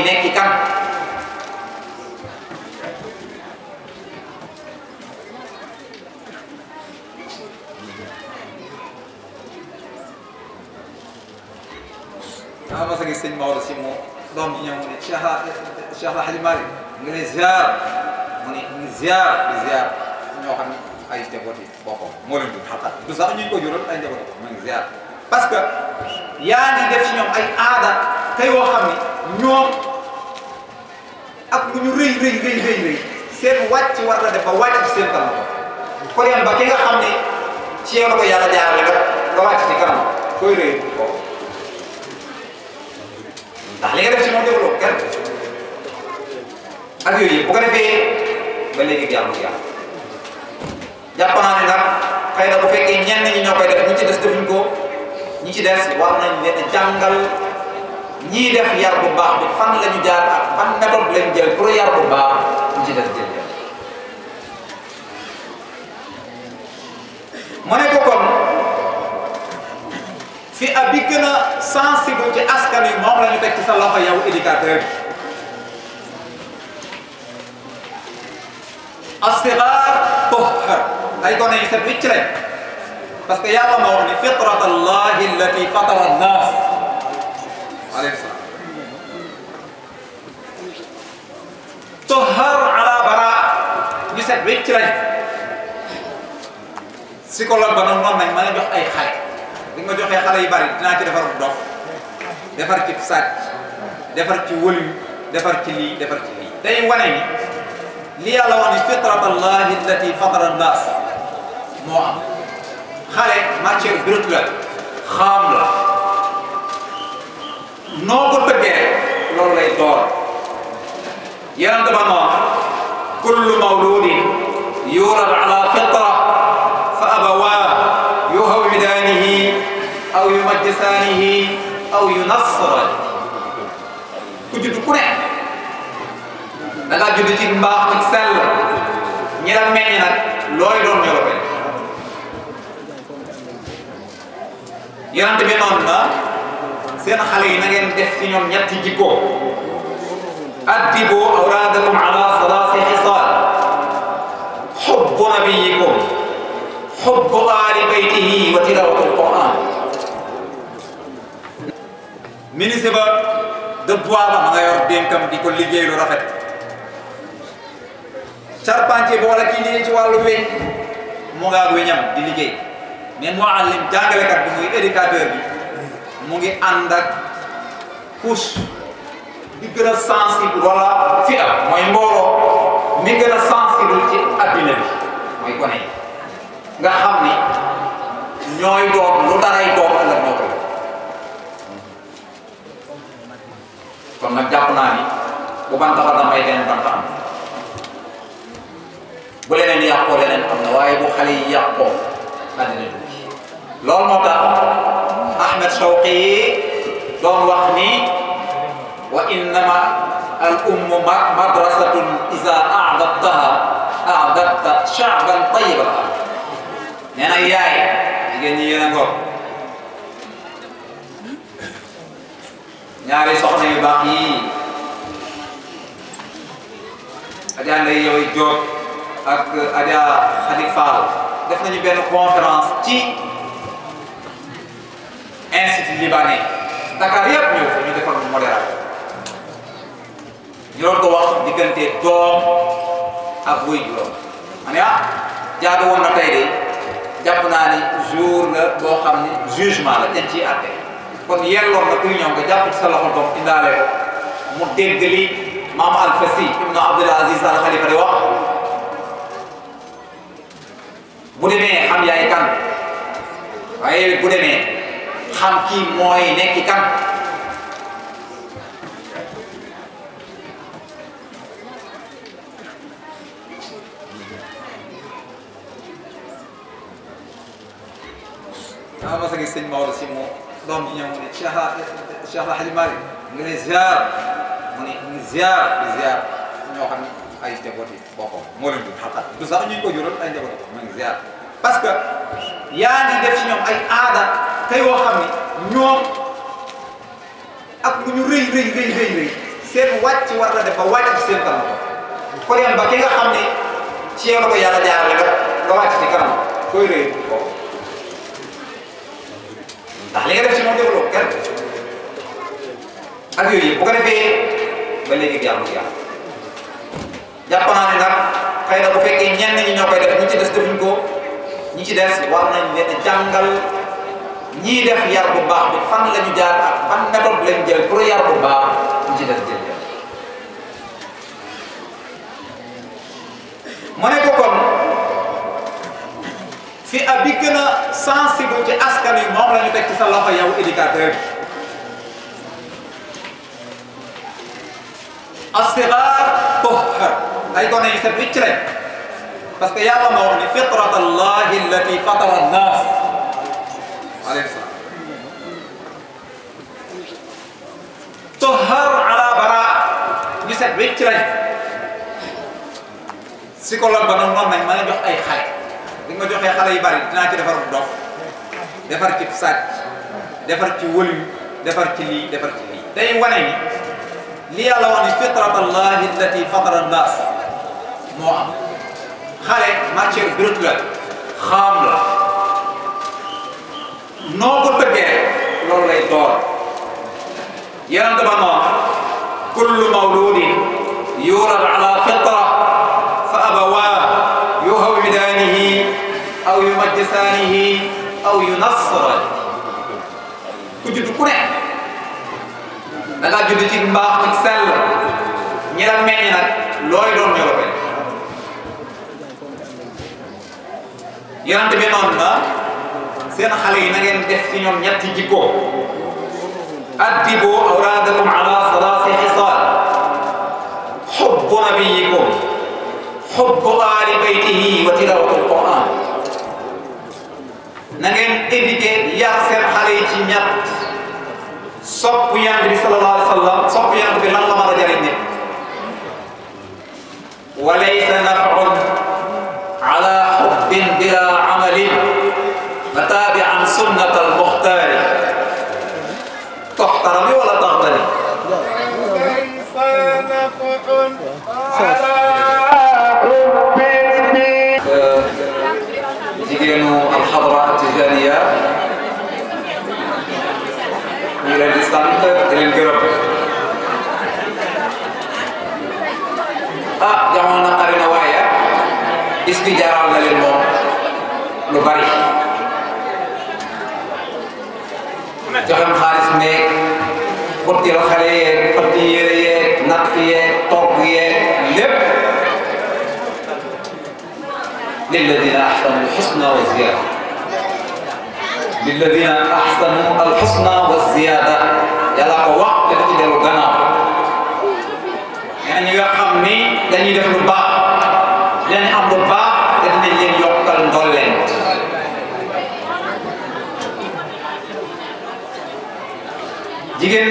[SPEAKER 6] dama mas a gis sëñ Maodo si moom doom ji ñëw mu ne Cheikh Cheikh El Hadj Malick mu ngi lay ziar mu ne mu ngi ziar di ziar ñoo xam ne ay njaboot moo leen ñu ko jural ay njaboot parce que yaa ngi def si ñoom ay aada te yoo xam ñoom ak lu ñu rëy seen wàcc war la def ba wàcc ci seen kanam ko dem ba ki nga xam ci yow ko yàlla jaarale nga wàcc ci kanam koy rëy ndax li nga def si moom defaloo kenn ak yooyu yëpp bu ko defee ba léegi jàmm yàlla jàpp naa ne nag xëy na bu fekkee ñenn ñi ñoo koy def ñi ci des defuñ ko ñi ci des war nañ leen jàngal ñii def yar bu baax bi fan la ñu jaar ak fan méthode lañ jël pour yar bu baax ñi ci des jël mu ne ko kon fi ab bi gën a sensible ci askan wi moom la ñu teg ci sa loxo yow éducateur bi asigar tuhar ay gone yu set wicc rek parce que yàlla ma wax ni fitrat allahi allati fatara nnaas alayhi salaam tuhar ala bara ñu set wicc rek psychologue ba noonu noonu nañ mën a jox ay xale bi nga ma joxee xale yu bari dinaa ci defar dof defar ci sàcc defar ci wëliw defar ci lii defar ci lii day wane ni li yàlla wax ni fitratallahi allati fatara nnaas moo am xale matière brute la xaam la noo ko bëggee loolu lay door yonent ba noon kullu mawludin yuulad ala fitrah nasra ku judd ku ne da ngaa judd ci mbaax ak sell ñi la meññ nag looy doon ñoo la koy yonent bi noonu na seen xale yi na ngeen def ci ñoom ñetti jikko addibu awlaadakum ala salaasi xisaal xubbu nabiyikum xubbu aali baytihi wa tilawatu alquran ministre ba dëpp ma nga yor dénkam di ko liggéey lu rafet charpentier ba wala kii liggéey ci wàllu weñ mu nga ak weñam di liggéey mais moo àllim jàngalekat bi muy éducateur bi mu ngi ànd ak couche bi gën a sensible wala fi mooy mbooloo mi gën a sensible ci addina bi mooy gone yi nga xam ni ñooy doon lu daray doon ëllëg ñoo kon nag jàpp naa ni bu banta fa damay leen banta am bu leneen yàqoo leneen am na waaye bu xale yi yàqoo àddina tukki loolu moo tax Ahmed Shawqi doon wax ni wa innama al ummu madrasatun iza a'dadtaha a'dadta sha'ban tayyiban nee na yaay jigéen ñi yéen a ngoor ñaari soxna yu baax yii Adja Ndeye Yoy Diop ak uh, Adja Khady def nañu benn conférence ci institut libanais Dakar yëpp ñëw fa ñu defal modéral ñu doon wax diggante doom ak wuy juróom ma ne ah jaadu woon na tey de jàpp naa ni jour la boo xam ne jugement la dañ ciy kon yelloon na ku ñëw nga jàpp ci sa indaale mu dégg li maam alfasi ibnu abdul aziz al xalifa di wax bu demee xam yaay kan
[SPEAKER 4] waaye bu demee xam kii mooy nekki kan
[SPEAKER 6] daa ma sa gis sëñ si moom doom ji ñëw mu ne Cheikh Cheikh Alhaji Malick mu ngi lay ziar mu ne mu ñoo xam ne ay njabooti boppam moo leen dund du sax ñu ko jural ay njabooti boppam mu ngi ziar parce que yaa ngi def ci ñoom ay aada te yoo xam ne ñoom ak lu ñu rëy rëy rëy rëy rëy seen wàcc war na def ba wàcc ci seen kanam ko. xam ne ci yow la ko yàlla jaarale nga wàcc ci kanam koy rëy ndax li nga def ci moom defuloo kenn ak yooyu yëpp bu defee ba léegi jaamu yàlla jàpp naa ne nag xëy na bu fekkee ñenn ñi ñoo koy def ñi ci des defuñ ko ñi ci des war nañ leen jàngal ñii def yar bu baax bi fan la ñu jaar ak fan méthode lañ jël pour yar bu baax ñi ci des jël mu ne ko kon fia bi gën a sensible ci askan yi moom la ñu teg ci sa loxo yow éducateur bi asigar tuhar ay gone yu set wicc lañ parce que yàlla moo wax ni fitrat allahi allati fatara nnaas alayhi salaam tuhar ala bara ñu set wicc lañ psychologue ba noonu noonu nañ mën a jox ay xale bi nga ma joxee xale yu bari dinaa ci defar dof defar ci sàcc defar ci wëliw defar ci lii defar ci lii day wane ni li yàlla wax ni fitrat allahi allati fatara nnaas moo am xale matière brute la xaam la door yonent ba noon kullu mawludin yulad fitra أو ينصر كنت كنا إيه؟ لا جد تيمبا إكسل نيرا مين نات لوي دون يوروبي يانت بين أمنا سين خلي نعين تفسيرهم يأتي جيبو أدبو أورادكم على ثلاث حصار حب نبيكم حب آل بيته وتلاوة القرآن نعم إبتة يرسل خليج يات صب قيام النبي صلى الله عليه وسلم صب قيام صلى الله عليه وسلم وليس نفع على حب بلا عمل متابعا سنة المختار تحترمي ولا تغتني وليس نفع على bis bi jaral na leen moom lu bari joxem xaalis meeg xottil xale yeeg xotti yére yeeg natt yeeg togg yeeg lépp lilladina axsanu alxusna wa ziyada lilladina axsanu alxusna wa ziyada yàlla ko wax te dafa dellu gannaaw
[SPEAKER 4] ñi nga xam ni dañuy def lu baax dinañ am lu baax yokkal ndolleent
[SPEAKER 6] jigéen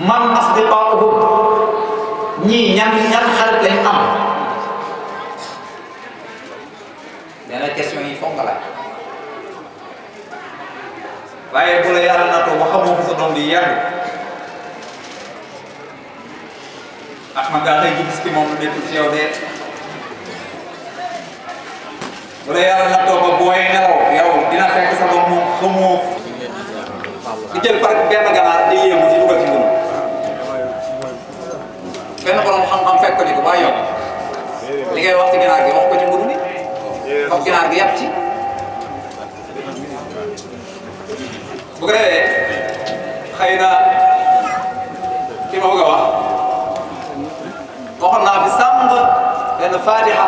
[SPEAKER 6] man asdiqaa'uhum ñii ñan ñan xarit lañ am nee question yi fonga la waye bu la yalla nato ba xamoo ko sa di yàgg Axmad daa tay gis ki moom lu nekkul ci yow de bu la yalla nato ba booy nelaw yow dina fekk sa doom mo xamoo di jël par ben ganaar di yéemu waaye
[SPEAKER 4] yow li ngay wax ci ginaar gi
[SPEAKER 6] wax ko ci mburu mi foofu ginaar gi yàpp ci bu ko defee xëy na ki ma bëgg a wax waxoon naa fi sàmb benn faatiha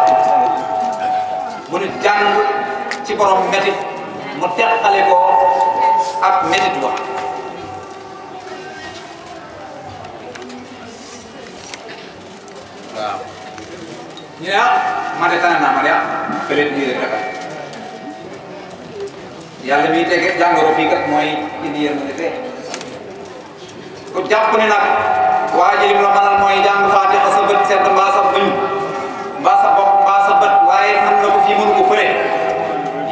[SPEAKER 6] bu ñu jàng ci borom métit mu
[SPEAKER 4] teqale ko ak métit wax
[SPEAKER 6] waaw ñu ne ah man de tànn naa ma ah, de ah fële nii rek la yàlla miy tege jàngoro fii kat mooy indi yërmande fee ku jàpp ne nag waa ji li mu la mënal mooy jàng Faatiha sa bët sa bëñ mbaa sa bopp mbaa sa bët waaye mën na ko fii mënu ko fële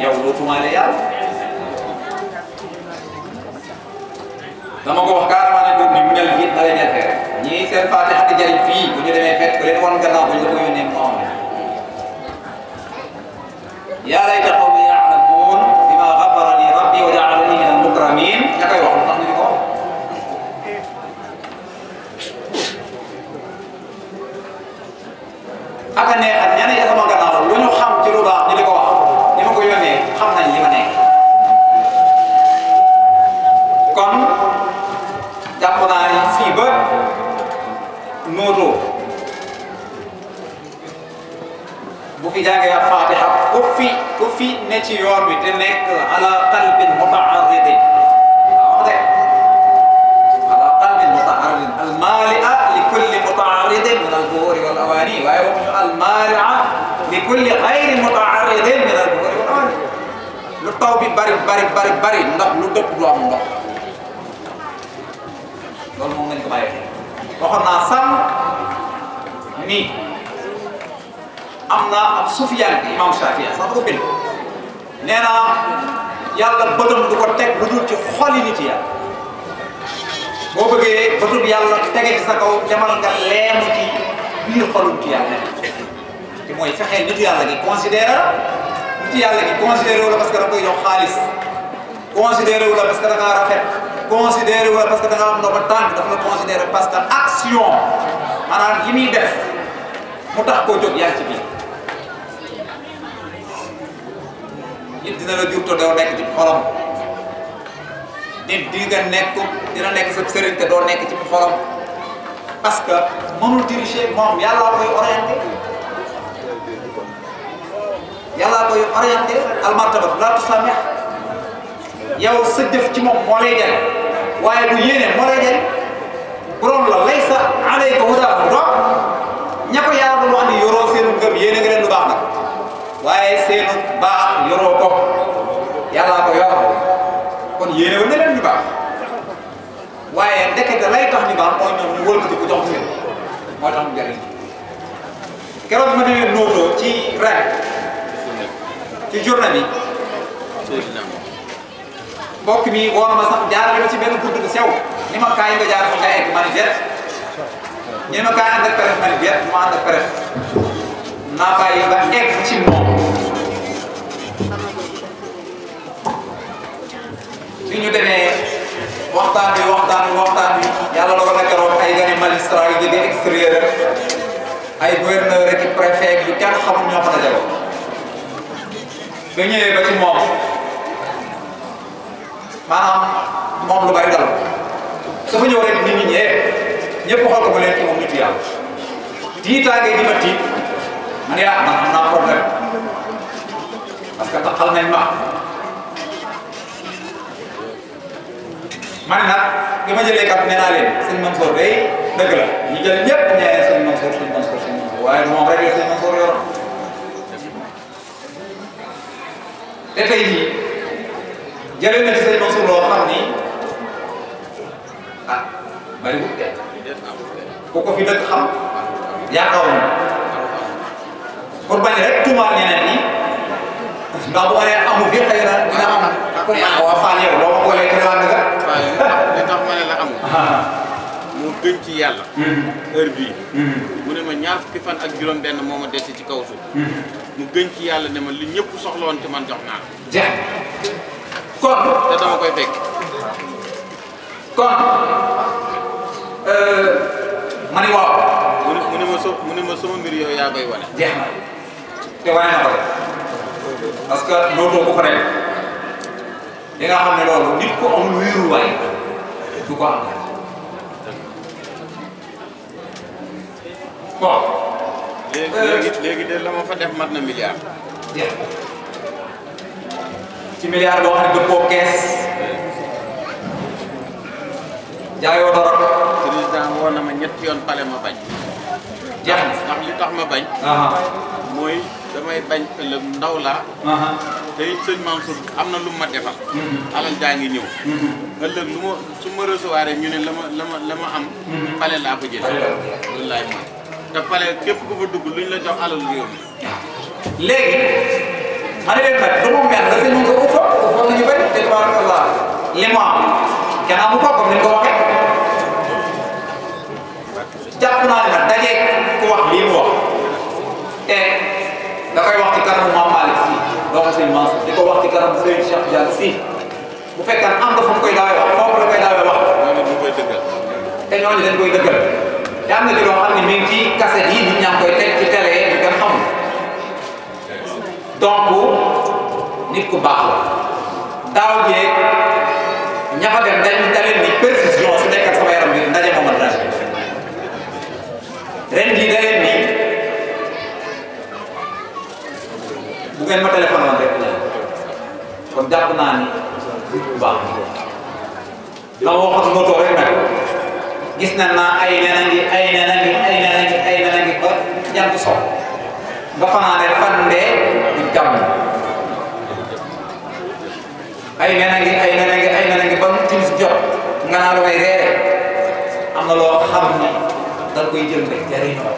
[SPEAKER 6] yow doo tumaale yàlla dama ko wax carrément ne dugub bi mu mel fii da lay ñii seen Fatiha di jëriñ fii bu ñu demee fet ku leen woon gannaaw bu ñu ko yónnee moom yaa layta qawmi ya'lamuun bima ghafara li rabbi wa ja'alani min al-mukramin ya koy wax tax ñu ko a كفي يا فاتحة كفي كفي نتي يوم بتنك على قلب متعرض على قلب متعرض المالئة لكل متعرض من البور والأواني ويوم المالعة لكل غير متعرض من البور والأواني لطاو بي باري باري باري باري نك لو دب دو ام نك لول موم نك بايي waxon naa sàmm am na ab sufiyaan bi imam Shafii sax ko bind nee na yàlla bëtam du ko teg lu dul ci xoli nit yàlla boo bëggee bëtub yàlla tege ci sa kaw demal nga leemu ci biir xolu nit yàlla te mooy fexee nitu yàlla gi considéré nitu yàlla gi considéré wu la parce que da koy jox xaalis considéré wu la parce que da ngaa rafet considéré wu la parce que da ngaa am ndox ba tànk dafa la considéré parce que action maanaam li muy def mu tax koo jóg yaa ci biir nit dina la jur te doo nekk ci xolam nit di nekk dina nekk sa sëriñ te nekk ci xolam parce que mënul diriger moom yàllaa koy orienté yàllaa koy orienté almartaba laa tusamih yow sa jëf ci moom moo lay jël waaye du yéene moo lay jël borom la laysa alayka hudaahum ña ko yàlla doon wax ni yoroo seenu ngëm yéene nga lu baax nag waaye seenu baax yoroo ko yàllaa kon yéene woon na leen ñu waaye ndekete lay tax ñu baax mooy ñoom ñu wëlbati ko jox seen moo tax mu jariñ keroog bi ma demee Noto ci ren ci journée bi mi woon ma sax jaarale ma ci benn gudd bu sew ni ma kaay nga jaar fa nga egg ma ni ma kaay ànd ak presse ma ma ànd ak presse naa bàyyi ba egg ci moom bi ñu demee waxtaan bi waxtaan bi waxtaan bi yàlla dogal na keroog ay gani magistrat yu jóge extérieur ay gouverneur ak préfet bu kenn xamul ñoo fa dajale ba ñëwee ba ci moom maanaam moom lu bari dal su fa ñëw rek nit ñi ñee ñëpp xool ko ba leen ci moom nit yàlla tiitaange ji ma tiit ah, man yaa man naa problème parce que taxal nañ ma
[SPEAKER 4] man nag ma jëlee kàpp nee naa leen
[SPEAKER 6] sëñ Mansour day dëgg la ñu jël ñëpp ñee sëñ Mansour sëñ Mansour waaye moom rek la sëñ Mansour yor te tey jii jëlee na ci sëñ Mansour loo xam ni ah, ku ko fi dëkk xam yaakaaroon na pour bañ rek tuumaal ñeneen ñi ndax bu ma nee amu fi xëy na
[SPEAKER 7] ah waaw Fane yow ma boolee te lànd nga. waaw li tax ma ne la amul. Ah. moo gën ci yàlla. Hmm. heure bii. Hmm. mu ne ma ñaar fukki fan ak juróom-benn moo ma dese ci kaw suuf. Hmm. mu gën ci yàlla ne ma li ñëpp soxla woon ci man jox naa la. jeex kon. te dama koy fekk. kon. Euh, ma ne ma so yow yaa koy wane. jeex na te wane ko parce que
[SPEAKER 6] li nga xam ne loolu nit ku amul wéeruwaay du ko am
[SPEAKER 7] bon. Euh, léegi léegi de la ma fa def mat na milliard. ci milliard
[SPEAKER 6] boo xam ne dëppoo kees
[SPEAKER 7] jaayoo dara. président woo na ma ñetti yoon pale ma bañ. jeex ndax li tax ma bañ. Ah. mooy. damay bañ ëllëg ndaw laa te it sëñ Mansour am na lu ma defal mhm. alal jaa ngi ñëw mhm. ëllëg lu ma su ma recevoir ñu ne la ma la ma am mhm. pale laa ko jël loolu man te pale képp ku fa dugg lu ñu la jox alal réew mi léegi ma ne leen nag du
[SPEAKER 6] mu mel nga sëñ Mansour ko foog ko foog nañu bëri te tabarakallah ma am gannaaw mu ko comme ni ko waxee naa ne nag da koy wax ci kanamu Mame Malick Sy doo ko sëñ Mansour di ko wax ci kanamu Serigne Cheikh Diagne Sy bu fekkee am nga fu mu koy daawee wax foofu la koy daawee wax. ñooñu koy dëggal. te ñooñu dañ koy dëggal te
[SPEAKER 4] am na ci loo xam ne mi ngi ci cassette yi nit ñaa ngi koy teg ci télé yi ñu
[SPEAKER 6] gën xamul donc nit ku baax la daaw jee ña fa dem dañ ngeen ma téléphone woon rek kon jàpp naa ni nit ku baax la waxoon moto gis na naa ay nena ngi ay nena ngi ay nena ngi ay nena ngi ba jant so nga fanaane fan dee du jàmm ay nena ngi ay nena ngi ay nena ngi ba mu timis jot nga naa damay reere am na loo xam ne da koy jël rek jariñoo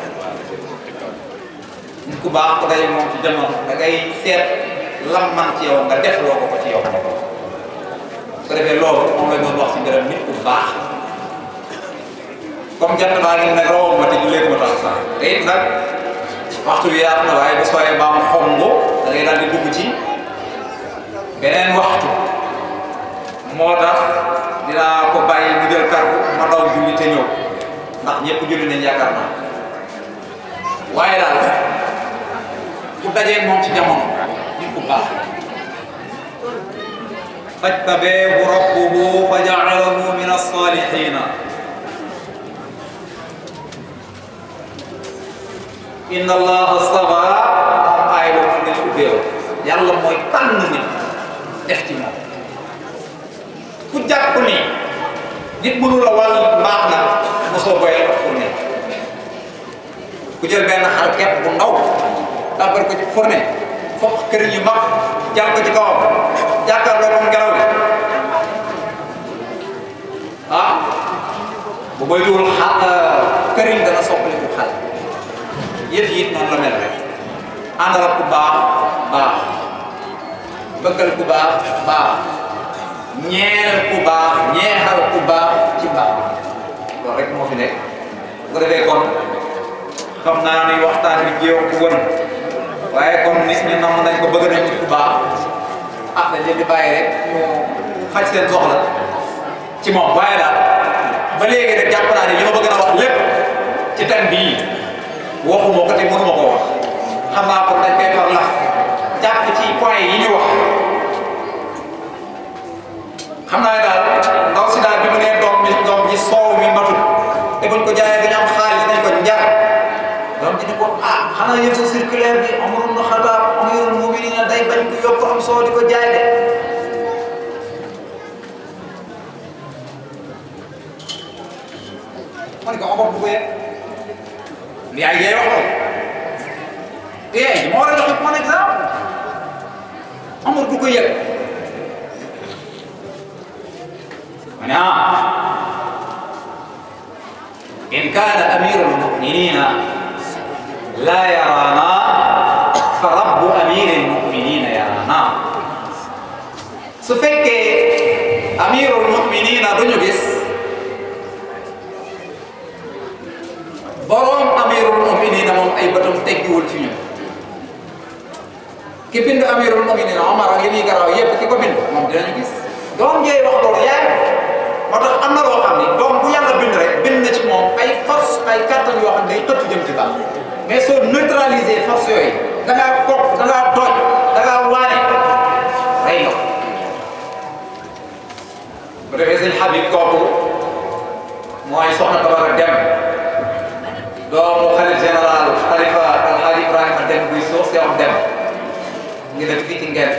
[SPEAKER 6] ku ba ko day mo ci jamono da ngay seet lam man ci yow nga def loko ko ci yow su ko defee loolu moom la do wax ci mbiram nit ku baax comme jant baa ngi nag rawam ma te ñu léegi ma tax sa te it waxtu wi yaatu na way bu soye ba baam xongo da ngay dal di dugg ci benen waxtu moo tax dinaa ko baye mu del karbu ma daw julli te ñew ndax ñepp julli nañ yaakaar naa waaye daal bu dajee moom ci jamono nit ku baax fajtabeehu rabbuhu fa jaalahu min as-saalihiina inna allaha stafaa
[SPEAKER 4] ay boobu mu ngi ubbeewu mooy tànn nit def
[SPEAKER 6] ci ku jàpp ni nit mënu la wàll mbaax na mosoo boyal ak fu ku jël benn xar kepp tàbbal ko ci fourne foog këriñ yu mag jàpp ko ci kawam jàkkaarloo ko ngelaw li ah bu moytuwul xaal këriñ dana soppaliku xal yëf yi noonu la mel rek àndal ku baax baax bëggal ku baax baax ñeel ku baax ñeexal ku baax ci baax loolu rek moo fi nekk bu kon xam naa ni waxtaan bi jéew ku won waaye comme nit ñi namm ko bëgg nañ ko baax ah dañ leen di bàyyi rek ci moom waaye daal ba léegi rek jàpp naa ne li ma a wax lépp ci tan bii waxuma ko te wax xam naa ko dañ koy far lax ci point yi ñu wax xam naa daal ndaw si daal bi xanaa yëfu circulaire bi Omar ibn Khattab amirul muminina day bañ ko yokk am soo di ko jaay de ma ne ko Omar bu ko yegg yaay yaay wax loolu eh ma war a joxe mon exemple Omar bu ko yegg ma ne ah in kaana amirul muminina
[SPEAKER 4] لا يرانا
[SPEAKER 6] فرب amirul muminina yarana su fekkee amirul muminina duñu gis boroom amirul muminina moom ay bëtam teggiwul ci ñun ki bind amirul muminina Omar ak yi muy garaaw yépp ki ko bind moom dinañu gis doom jëy wax loolu yaay moo tax am na loo xam ni doom bu yàlla bind rek bind na ci moom ay force ay kattan yoo xam ne day tëdd jëm ci baax mais soo neutraliser force yooyu da ngaa kop da ngaa toj da ngaa waane rey na bu defee sëñ Habib kooku mooy soxna Tabara Dem doomu xalif général xalifa alxaaji Ibrahima Dem buy soo seex dem ngi def fii ci Ngent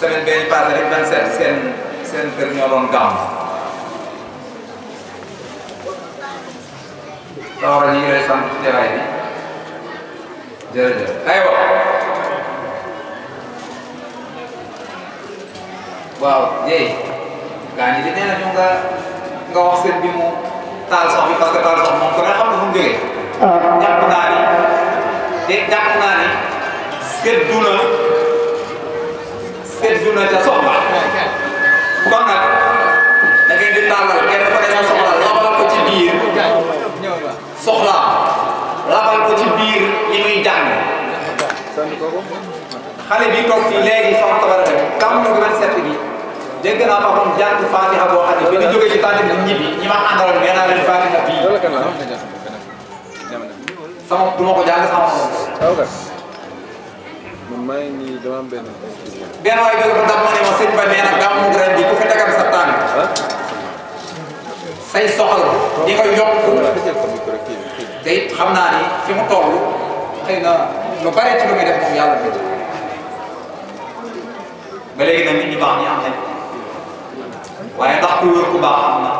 [SPEAKER 6] semaine bee ñu passé rek 27 seen seen kër ñoo doon gàmm
[SPEAKER 4] Soxna ñu ngi sant ci jaraay bi
[SPEAKER 6] waaw jéy gaa ñi di nee nañu nga nga wax bi mu taal sax bi parce que taal sax moom ku xam na fu mu jógee.
[SPEAKER 4] Ah. jàpp naa ni
[SPEAKER 6] te jàpp naa ni seddu na seddu na ca soxna kon nag. xale bi toog fii léegi soxna ko war a def gàmmu gi 27 gi dégg naa ba xam jàng Fatiha boo xam ne bi ñu jógee ci tànn bi ñibbi ñi ma àndaloon nee naa leen Fatiha bii sama du ma ko jàng sama moom.
[SPEAKER 7] man maa ngi nii
[SPEAKER 4] dama am benn.
[SPEAKER 6] benn waay bi ko dab ma ne ma sëñ ba nee na gàmmu ren bi ku fi dagam sa tànk say soxla di ko yokk te it xam naa ni fi mu toll xëy na lu bare ci lu muy def moom yàlla bi ba léegi nag nit ñu baax ñi am nañ waaye ndax ku wër ku baax am na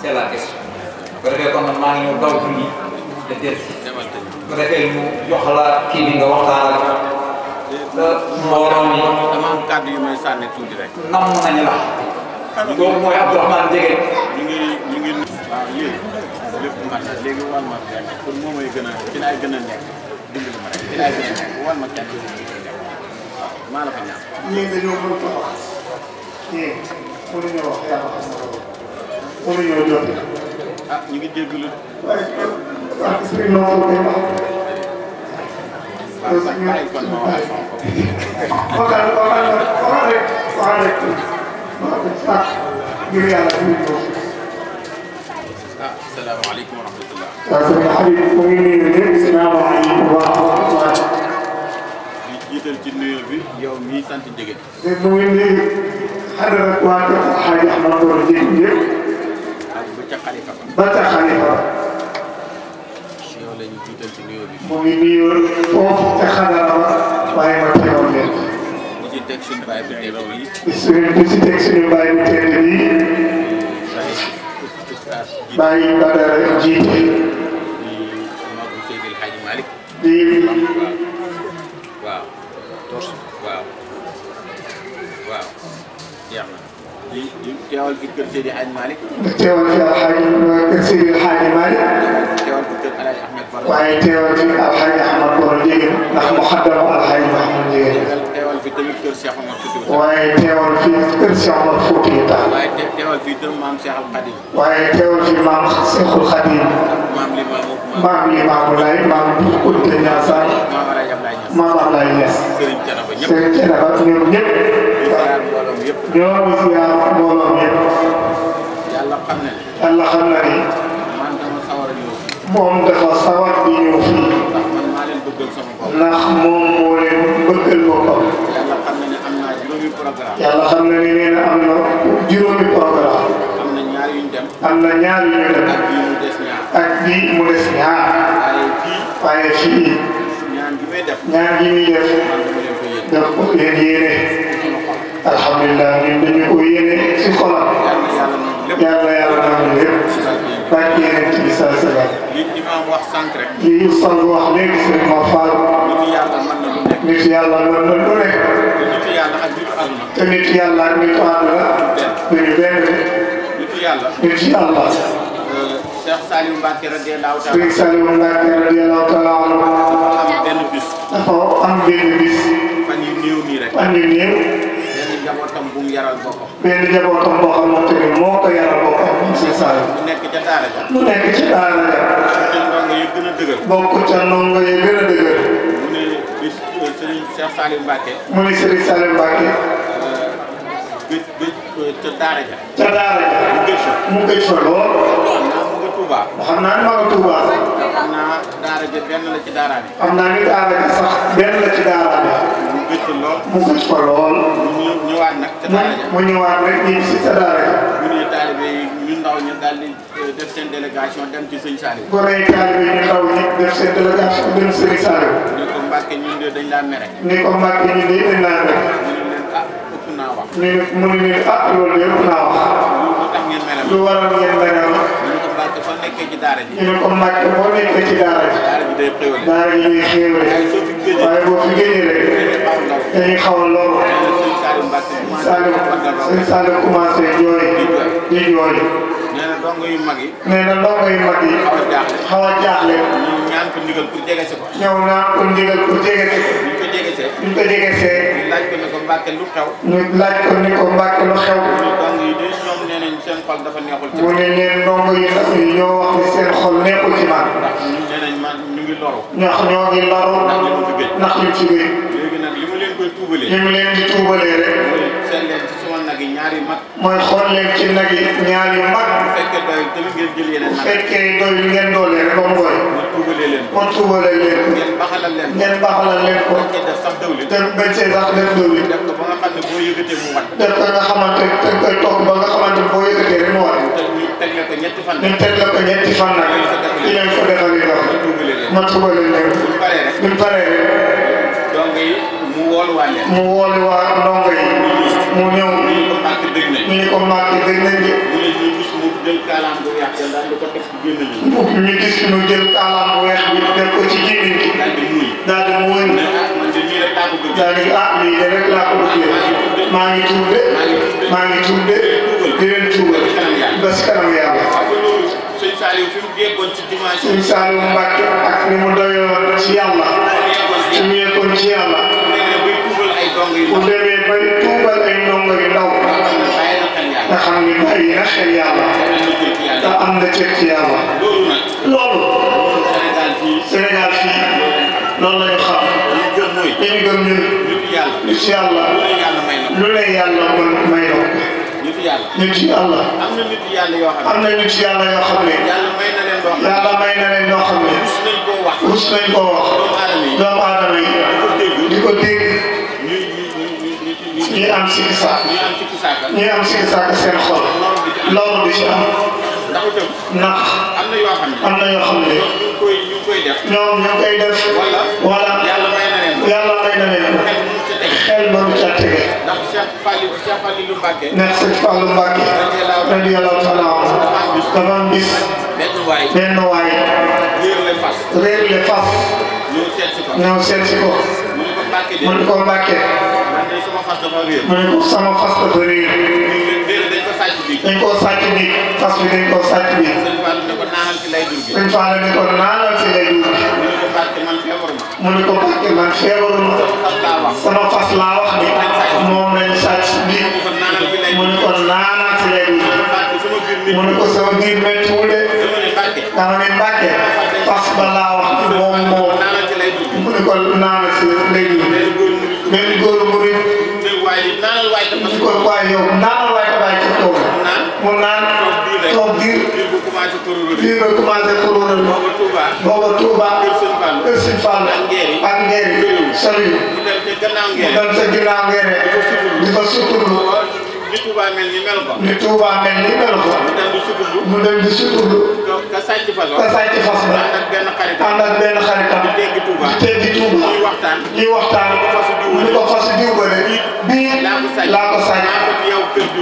[SPEAKER 6] c'est la question bu defee kon nag maa ngi ñëw daw tuuti te dellusi bu defee ñu jox la kii bi nga waxtaan ak mbooloo mi. dama am
[SPEAKER 7] kàddu yu may sànni tuuti rek. namm nañu la. kooku mooy Abdourahmane Jege. ñu ngi ñu ngi. waaw yéen lépp man léegi wàllu ma rek kon moom mooy gën a ci laay gën a nekk dimbali ma rek ci laay gën a nekk wàllu ma kenn. maa la ko ñaan. ñii dañoo mënut a wax ñii mënuñoo wax yàlla xam na loolu mënuñoo jot. ah ñu ngi jégalu. waaye wax dëgg yàlla moom day wax.
[SPEAKER 8] waaw sax bàyyi kon ma wax ak moom. waxal waxal waxal rek waxal rek waxal ko sax ngir yàlla dinañ ko. ah salaamaaleykum wa rahmatulah. waaw sëñ Habib mu ngi nuyu ñëpp
[SPEAKER 4] ci nuyoo bi yow
[SPEAKER 7] mii sant Ndiéguène.
[SPEAKER 8] te mu ngi nii xarala waa Jokalante xaalis ma doon déglu yëpp. ba ca xalifa ba. ba ca xalifa ba. yow la ñu jiital ci nuyoo bi. mu ngi nuyoo foofu ca xarala ba waaye ma teewoon leen. di ci teg suñu bàyyi bu tedd bi. di ci teg suñu bàyyi bu tedd bi. bàyyi Badara jiite. di Magu Seydil Hadji Malick. di.
[SPEAKER 7] 14. Wow. Wow. يا يمكن في الكرسي لحاج مالك
[SPEAKER 8] تيوان في الكرسي لحاج مالك تيوان في الكرسي لحاج احمد برد وعين تيوان في الحاج احمد برد نحن محضر الحاج محمد تيوان في الكرسي احمد فوتي وعين تيوان في الكرسي احمد فوتي وعين تيوان في الكرسي احمد شيخ القديم وعين تيوان في مام شيخ القديم مام لي مام مام لي مام لي مام كنت نعصان مام رجب maam Ablaye Niass Serigne xam na ni moom dafa sawar di ñëw fii ndax moom moo leen bëggal boppam yàlla xam na ak bii mu des ñaar waaye fii muy def ñaar yi muy def daf ko leen yéene alhamdulilah ñun dañu ko yéene si xolam yàlla yàlla naa ñu lépp bàyyi yéene ci bi saa salaam li imam wax sànq rek li ustaz ma faal te nit yàlla ak nit àll la duñu benn yàlla Cheikh Saliou Mbacke radiyallahu taala. Cheikh dafa am am benn bis. fan yu néew nii rek. fan boo xam moom tamit moo ko yaral boppam moom Cheikh Saliou. mu nekk ca daara mu nekk ja. ca mu ne bis euh, Serigne mu ne euh, euh, ja. ca mu gëj fa Touba. xam naa ne ma nga Touba. xam naa daara ji benn la ci daaraan yi. xam naa ne daara ji sax benn la ci daaraan yi. mu gëj ko lool. mu gëj ko lool. mu ñëwaat nag ca daara ja. mu ñëwaat rek ñu si ca daara ja. ñu ne
[SPEAKER 7] taalibe yi ñu ndaw ñu daal di euh, def seen délégation dem ci sëñ Saliou. bu rëy taalibe yi ñu ndaw ñi def seen
[SPEAKER 8] délégation dem sëñ Saliou. ni ko Mbàkke ñun de dañ laa mere. ni ko Mbàkke ñun de dañ laa mere. ñu ne leen ah ëpp naa wax. ñu ne mu ne leen ah loolu de ëpp naa wax. lu tax ngeen mere. lu waral ngeen mere nekkee ci ne comme nag boo nekkee ci daara ji. daara ji day xéwale. daara ji day xéwale. waaye Saalum suñ Saalum commencé jooy. di jooy. nee na ndongo yi. nee na ndongo jaaxle. ñu ñaan naa ko ndigal pour jege si ko. ñu ko laaj ko ni ko mbàkke lu xew. ñoom seen xol dafa neexul ci man. mu yi nag ñoo ne seen xol neexul ci man. ngi loru. ndax ñoo ngi loru. ndax ñu ngi ci géej. ndax ci géej. léegi mu leen koy tuubalee. li ñaar yu mag. mooy xool leen ci nag yi ñaar yu mag. bu fekkee doyul tamit ngeen jël yeneen nag. bu fekkee doyul ngeen doole rek ba mu doy. ma tuubalee leen ko ma tuubalee leen ko. ngeen baxalal leen ko ngeen baxalal leen ko. bañ cee def sax dawli. def bañ cee sax def dawli. def ko ba nga xam ne boo yëgatee mu wat. def ko nga xamante ne koy toog ba nga xamante ne boo yëgatee rek mu wat. ñu teg la ko ñetti fan. ñu teg la ko ñetti fan nag. ñu leen ko defal yi dox. ma tuubalee leen ko. buñ paree rek. donc yi mu woolu waa ndongo yi mu ñëw ñi ko marqué gën nañ ñu. ñu ne ñu gis mu jël kaalaam bu weex bi daal di ko teg ci gémmiñ gi. ñu gis ñu jël kaalaam bu weex bi def ko ci gémmiñ gi. daal di muuy daal di muuy. Ah, man de nii rek laa ko bëgg. daal di ah lii de rek laa ko bëgg. Ah, maa ngi tuub de maa ngi tuub de di leen tuubal ba si kanam yàlla. sëñ Saliou fi mu yeggoon ci dimanche. sëñ Saliou Mbacke ak ni mu doyoon ci yàlla. su mu yeggoon ci yàlla. bu demee bay tuubal nga xam ni bàyyi na xel yàlla te am na teg ci yàlla loolu Sénégal fii loolu la ñu xam li ñu gëm ñun nit yàlla lu lay yàlla mën may na ko nit yàlla am na nit yàlla yoo xam ne yàlla may na leen loo xam ne rus nañ koo wax doomu aadama yi di ko dégg ñi am sikki saak ñi am sikki saak seen xol loolu du ci am ndax am na yoo xam ne ñoom ñu ngi koy def wala yàlla may na leen ko xel mënu ca
[SPEAKER 4] tege ndax
[SPEAKER 8] Cheikh Fallou Mbacké radiyallahu taala anhu dafa am bis benn waay réer le fas ñëw seet si ko mu ne ko Mbacké sama fas dafa réer. mu ne ko sama fas dafa réer. dañ ko sàcc bi. dañ koo sàcc bi fas bi dañ koo sàcc bi. sëñ Fall ne ko naanal ci lay dur bi. sëñ Fall ne ko naanal ci lay dur bi. mu ne ko Mbacke man feebaruma. mu ne ko Mbacke man feebaruma. sama fas laa wax ni moom lañ sàcc bi. mu ne ko naanal ci lay dur bi. mu ne ko sama biir métti wu de. dama ne Mbacke fas ba laa wax moom moo. mu ne ko naanal ci kon waaye yow naanal waaye tabaay ci kaw mu naan toog diir diir ba commencé sa ginnaaw ni Touba mel ni melu ko. ni Touba mel ni melu ko. mu dem di suturlu. mu dem di suturlu. ka sàcc ka sàcc fas ba. ànd benn xaritam. ànd ak benn xaritam. di teggi Touba. di teggi fas diw bële. bii laa ko sàcc.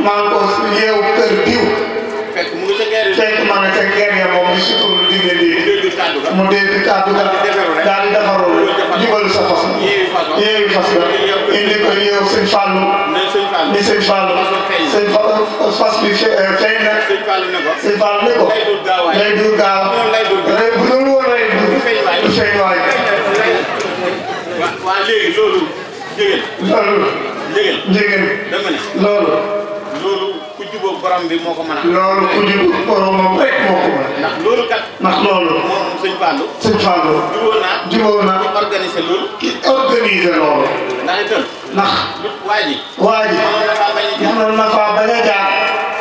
[SPEAKER 8] maa ngi ko yeew kër mu di suturlu di leen di. mu dégg ga. mu dégg kàddu ga. daal sa fas yéewi fas ga indi ko yow sëñ Fallou ni sëñ Fallou sëñ fas bi feeñ na sëñ Fallou ne ko lay
[SPEAKER 4] du gaaw lay bu doon woo lay du feeñ waay waaw léegi loolu njëgën loolu njëgën
[SPEAKER 8] loolu borom bi moo ko mën a. loolu ku jublu boromam rek moo ko
[SPEAKER 7] mën. ndax loolu kat.
[SPEAKER 8] ndax loolu. moom sëñ Fallou. sëñ Fallou. jubóo naa. jubóo naa ki organiser loolu. ki organiser loolu. ndax itam. ndax. waa ji. waa ji mënoon na faa bañ a jaar.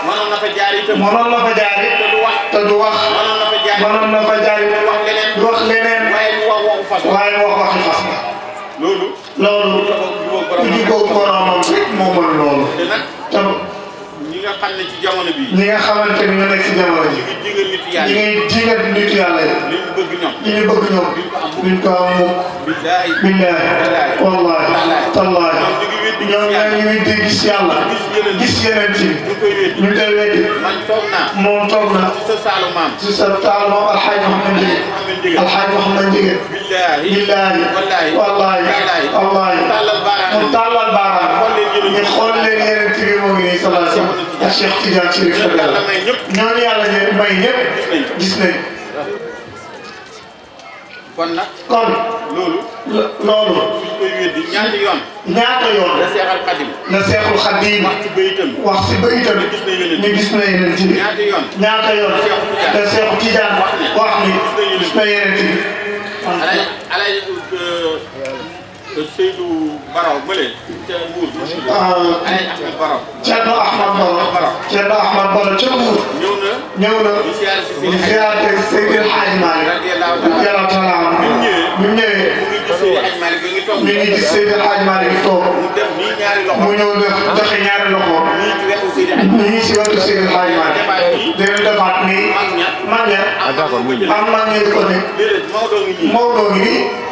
[SPEAKER 8] mënoon na fa jaar itam. mënoon na fa jaar it. te du wax. te du wax. mënoon na fa jaar it. mënoon na fa jaar it. wax leneen. wax leneen. waaye mu wax waxu fas. waaye mu wax waxu fas. loolu. loolu. jubóo boromam rek moo mën loolu. te nag. nga xam ne ci jamono bii. ñi nga xamante ni ñoo nekk ci jamono ji. ñi ngi nit yàlla yi ñi ngi jiital nit yàlla yi. li ñu bëgg ñoom. li ñu bëgg ñoom. duñ ko am mukk. billaahi billaahi wallaahi tallaahi ñoom ñaar ñu ngi dégg gis yàlla gis yeneen ci ñu koy weddi moom toog na si sa taalu maam alxaaj Mouhamed Ndieguene alxaaj Mouhamed Ndieguene billaahi wallaahi wallaahi mu tàllal baaraam ñu xool leen yeneen ci bi moo ngi nii salaam ak Cheikh Tidiane Chérif ñooñu
[SPEAKER 4] yàlla may ñëpp
[SPEAKER 8] gis nañ kon nag.
[SPEAKER 7] kon loolu.
[SPEAKER 8] loolu. suñ
[SPEAKER 7] koy weddi ñaata yoon.
[SPEAKER 8] ñaata yoon. na seexal xadim. na seexul xadim. wax ci bayitam. wax ci bayitam. ñu gis na yeneen ñu gis na yeneen ci. ñaata yoon. ñaata yoon. na seexu tijaan wax ni. wax ni gis na yeneen ci. Euh, Seydou Baraw Mbale. ca Mbour. Ahmed Baraw. Thierno Ahmed Baraw. Thierno Ahmed Baraw ca Mbour. ñëw na. ñëw na di ziar si Seydou. di ziar teg Seydou Hadj Malick. yàlla talaa mu ñëwee. mu ngi gis ñaari loxo. mu ñëw def ah. ñaari loxo. ñu ngi si wetu Seydou Hadj Malick. dinañ defaat nii. man ña. am na ñu ko ne. Maodo ngi nii.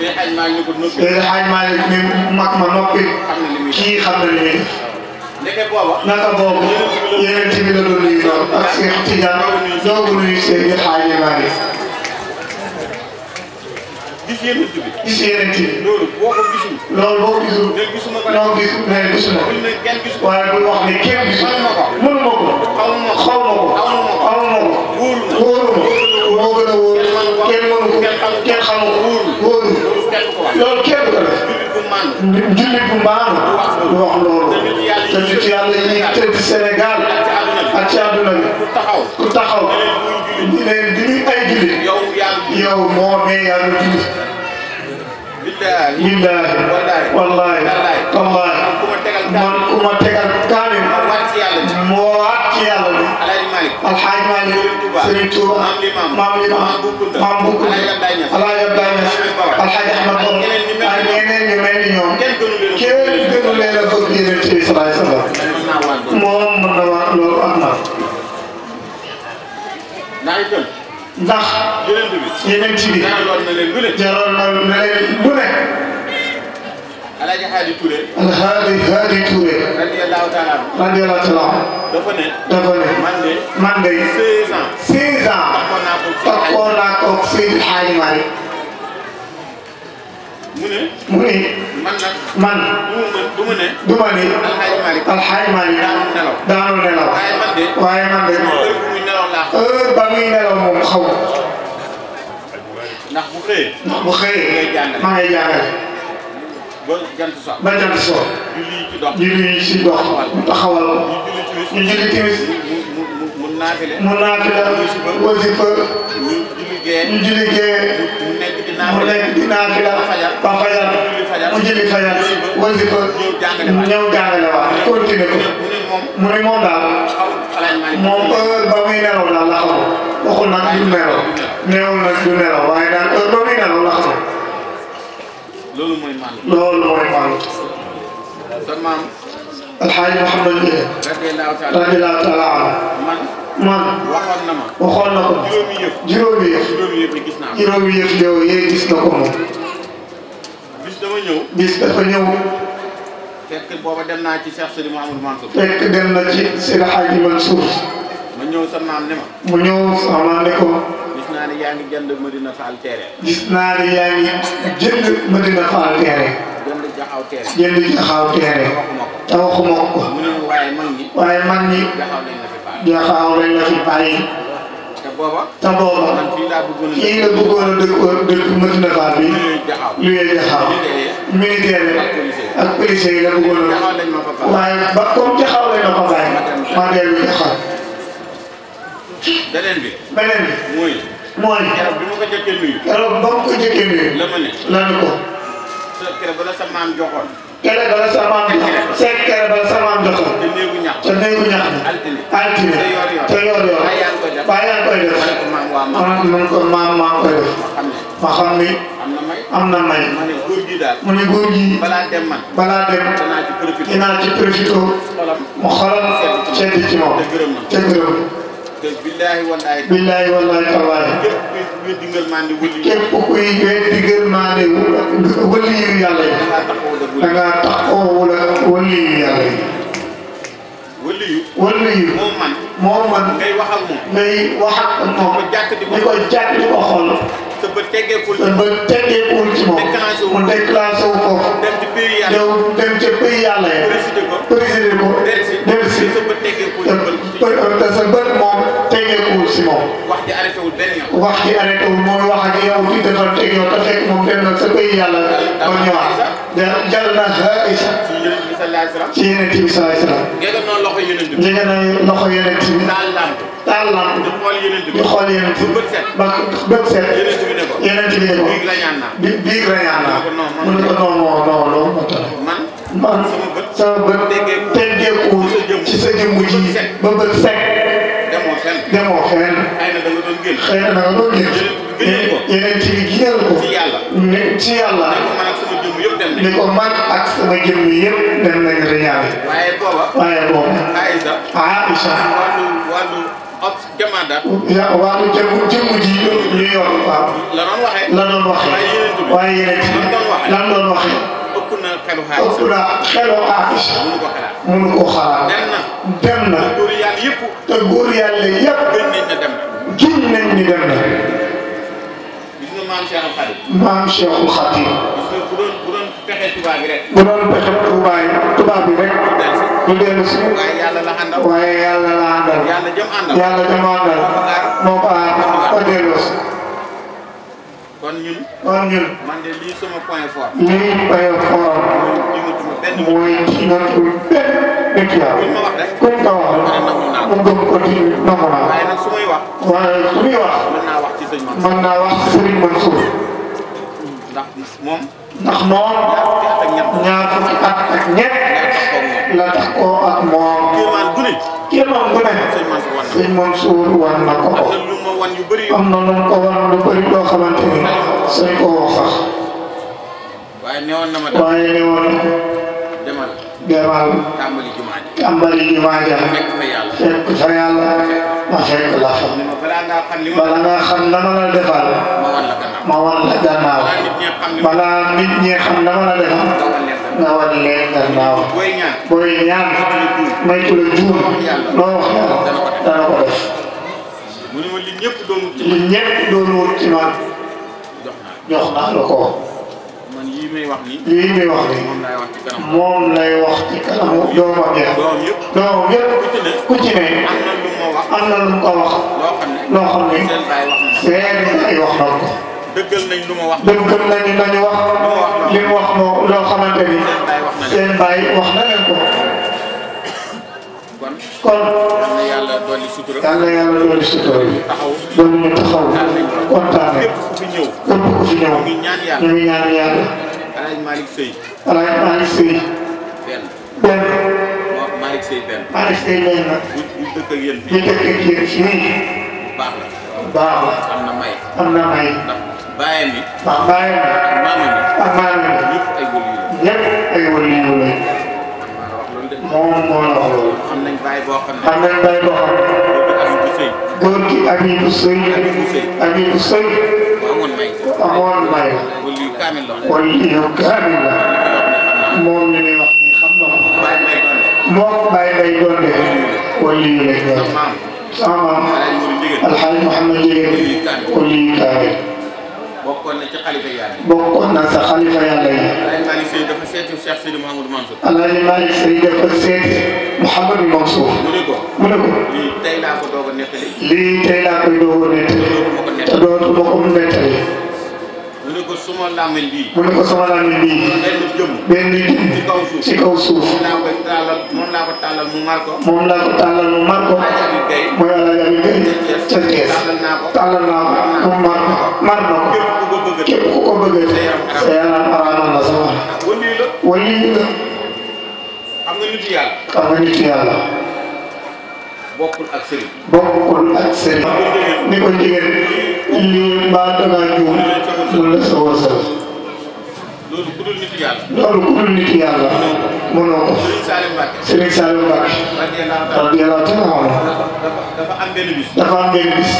[SPEAKER 8] Seydou Hadj Malick ko noppi. Seydou Hadj Malick mi mag ma noppi. kii xam na li muy def. naka boobu. naka boobu yeneen ci bi la doon nuyu noonu ak Cheikh Tidiane doogu nuyu Seydou
[SPEAKER 4] Hadj Malick. gis yeneen ci bi. gis yeneen ci bi. loolu boo ko gisul. loolu
[SPEAKER 8] boo ko gisul. loolu gisuma ko loolu gisul mais gisuma ko. waaye bul wax ne kenn gisul. mënuma ko mënuma ko. xaw ma ko xaw ma ko. wóoru ma moo gën a wóor kenn mënu ko kenn xamu ko wóoru loolu kenn ko def jullit bu maanu lu wax loolu te nit yàlla yi tëdd Sénégal ak ci àdduna bi ku taxaw ñu ne bi ñuy ay jullit yow moo nee yàlla jullit billaahi wallaahi wallaahi man ku ma tegal kaamil moo waat ci yàlla Malick alxaaj Malick Serigne Touba maam Limaam maam Boukounta Alaaji Abdoulaye Niass alxaaj Ahmad Bamba ak ñeneen ñu mel ni ñoom kenn gënu leen a bëgg Yonent bi salaay salaam moom mën na waat loolu
[SPEAKER 7] am na
[SPEAKER 8] ndax Yonent bi jaral na leen lu ne Alaaji Haadi Touré. Alaaji Haadi Touré. radiyallaahu taala. mu ne. man nag. man. du ma ne. du ma nelaw. waaye man de. waaye ba muy nelaw moom xaw. ndax bu xëyee. ba jant so ba jant so ñu lii ci dox ñu taxawal ko ñu julli timis mu naafile mu naafile wasifa ñu julli gee mu nekk di naafila ba fajar mu julli fajar wasifa ñëw jàngale waat continué ko mu ne moom daal moom ba muy nelaw daal la xam waxul nag du nelaw neewul nag du nelaw waaye daal heure ba muy nelaw la xam loolu mooy màndu. loolu mooy màndu. sa maam. alxaaji Mouhamed Ndiaye. radiyallaahu taala man. man waxoon na ma. waxoon na ko. juróomi yëf juróomi yëf. juróomi yëf yi gis naa ko. juróomi yëf yow yee gis na ko moom. bis dama ñëw. bis dafa ñëw.
[SPEAKER 7] fekk booba dem naa ci Cheikh Sidi Mouhamadou Mansour. fekk dem na ci Seydi Hadji Mansour. ma ñëw sa
[SPEAKER 8] maam ne ma.
[SPEAKER 4] mu ñëw sa maam ne ko. naa ne yaa ngi jënd Medina Fall teere. gis naa ne
[SPEAKER 8] yaa ngi teere. jënd jaxaw teere. jënd waaye mag ñi. waaye mag la fi bàyyi. te booba. la bëggoon dëkk dëkk Medina Fall bi. lu yee jaxaw. militaire ak policier yi la bëggoon waaye ba comme jaxaw lañ ma fa bàyyi. ma dellu jaxaw. beneen beneen bi mooy. keroog bi ma ko jëkkee nuyu. keroog ko
[SPEAKER 7] jëkkee nuyu. la ma ne bala sa joxoon. keroog bala sa joxoon. seet bala sa joxoon. te néegu yaa
[SPEAKER 8] koy def waaye yaa ko maam maa koy def. ma xam am na may. mu ne góor balaa dem man. balaa ci profité. dinaa ci mu xolam. seet ci moom te te billaahi wallaahi. billaahi wallaahi tallaahi. képp kuy digal maa ne wëli. képp kuy digal maa ne wëli yi. da ngaa yi. wëli yu. wëli ngay wax ak moom. ko jàkk di ko xool. te ba teggeekul ci moom te ba teggeekul ci moom. déclenché wu mu déclenché wu foofu. dem ci pays yàlla yi ñëw dem ca pays yàlla yi. présider ko présider ko. dellusi dellusi. te sa ci moom. wax ji arrêté wul benn yoon. wax ji arrêté wul mooy wax ak yow di defar teg yow te fekk moom dem na sa koy yàlla. moo ñëwaat jàll naa sa Aïcha. ci yeneen bi salaay salaam. ngeen doon loxo yeneen bi. ngeen doon loxo yeneen bi. taal lamp. taal lamp. ñu xool yeneen bi. ñu xool yeneen bi. bët set. ba bët set. yeneen bi ne ko. biig la ñaan naa. bi biig la ñaan naa. mu ne ko non non non loolu moo tax. man man sama bët. sama bët teggeeku ci sa jëmm ji ba bët set. demoo fenn. demoo fenn. xëy na da nga doon génn. xëy na da nga doon génn. yeneen ci génnal ko. ci yàlla. ne ci yàlla. ni ko man ak sama jëmm yëpp dem nañu riñaane. waaye booba. waaye booba. Aïssa. Aïssa. wàllu wàllu op jamaadaat. ya wàllu jëmm jëmm ji ñu yor waaw. la doon waxee. la doon waxee. waaye yeneen ci. lan doon waxee. ëpp na xelu xaalis ëpp na xelu xaalis mënu te góor yàlla
[SPEAKER 4] yëpp ni
[SPEAKER 8] dem na maam Cheikhul Khadim maam Cheikhul Khadim bu doon bu tubaab bi rek bu doon pexe tubaab yi tubaab bi rek lu dellu si waaye yàlla la àndal waaye yàlla la àndal yàlla kon ñun. kon lii
[SPEAKER 7] sama point fort. lii point
[SPEAKER 8] fort. mooy yëngatu benn benn kii waaw. kuñ ko wax. mu gëm ko di nangu naa. waaye nag su may wax. waaye su ci sëñ Mansour. mën naa ci ñett. la tax koo ak moom. ku ne. ku ne. sëñ Mansour wan ko ko. am na lu wan lu bëri loo xamante ni sëñ ko woo sax. waaye ne woon na ma demal demal. tàmbali jumaa ja. tàmbali jumaa ja. ma fekk la fa. ma la defal. ma wan la gannaaw. balaa na ma la nga li ñëpp doon wut ci man jox naa la ko wax nii moom lay wax ci kanamu doomam am na lu ko wax loo xam ne seen wax na ko. dëggal nañ lu ma wax. dëggal nañ la ñu wax. li mu wax moo loo xamante ni. seen baay wax na leen ko. kon kon. yal na yàlla dolli sutura. yal na yàlla dolli sutura yi. doon ñu taxaw kontaanee. képp ku fi ñëw. ñu ngi ñaan yàlla. alaaj Malick Seye. alaaj Malick Seye.
[SPEAKER 7] benn. benn. Malick Seye benn. Malick Seye benn. ñu dëkk ak yéen fii. ñu dëkk ak yéen fii.
[SPEAKER 8] baax la. baax la. am na may. am na may. baayam bi. waaw baayam bi. ak maamam bi. ak maamam bi. ñëpp ay wëliyu la. ñëpp ay wëliyu la. moom moo la wax loolu. xam nañ baay boo xam ne. xam nañ baay boo xam ne. góor gi Habibou Seye. Habibou Seye. Habibou Seye. amoon may. amoon may. wëliyu kaamil la. wëliyu kaamil la. moom la ñuy wax ni xam nga ko. baay bay doon. moom baay bay doon de. wëliyu la. sama maam. sama maam. Alxaaji Mouhamed Ndiéguène. wëliyu kaamil. bokkoon na ci xalifa yàlla yi. bokkoon na sa xalifa yàlla yi. Alaaji
[SPEAKER 7] Malick Seye dafa seeti Cheikh Sidi Mouhamadou Mansour.
[SPEAKER 8] Alaaji Malick Seye dafa seeti Mouhamadou Mansour. mu ne ko mu ne ko. lii tey laa ko doog a nettali. lii tey laa koy doog a mu ne ko suma làmmiñ benn jëm. benn ci kaw suuf moom laa ko mu mar ko. mu mar ko. mooy Alaaji Abib Gaye. ca Thiès tàllal naa ko. ko mar na ko. képp ku ko bëgg a. sa yàlla. xam nga ak sëriñ. ni ko jigéen. lii mbaa dangaa juum mun la loolu ku dul nit yàlla mënoo ko Serigne Saliou Mbacké radiyallahu taala anhu dafa am benn bis dafa am benn bis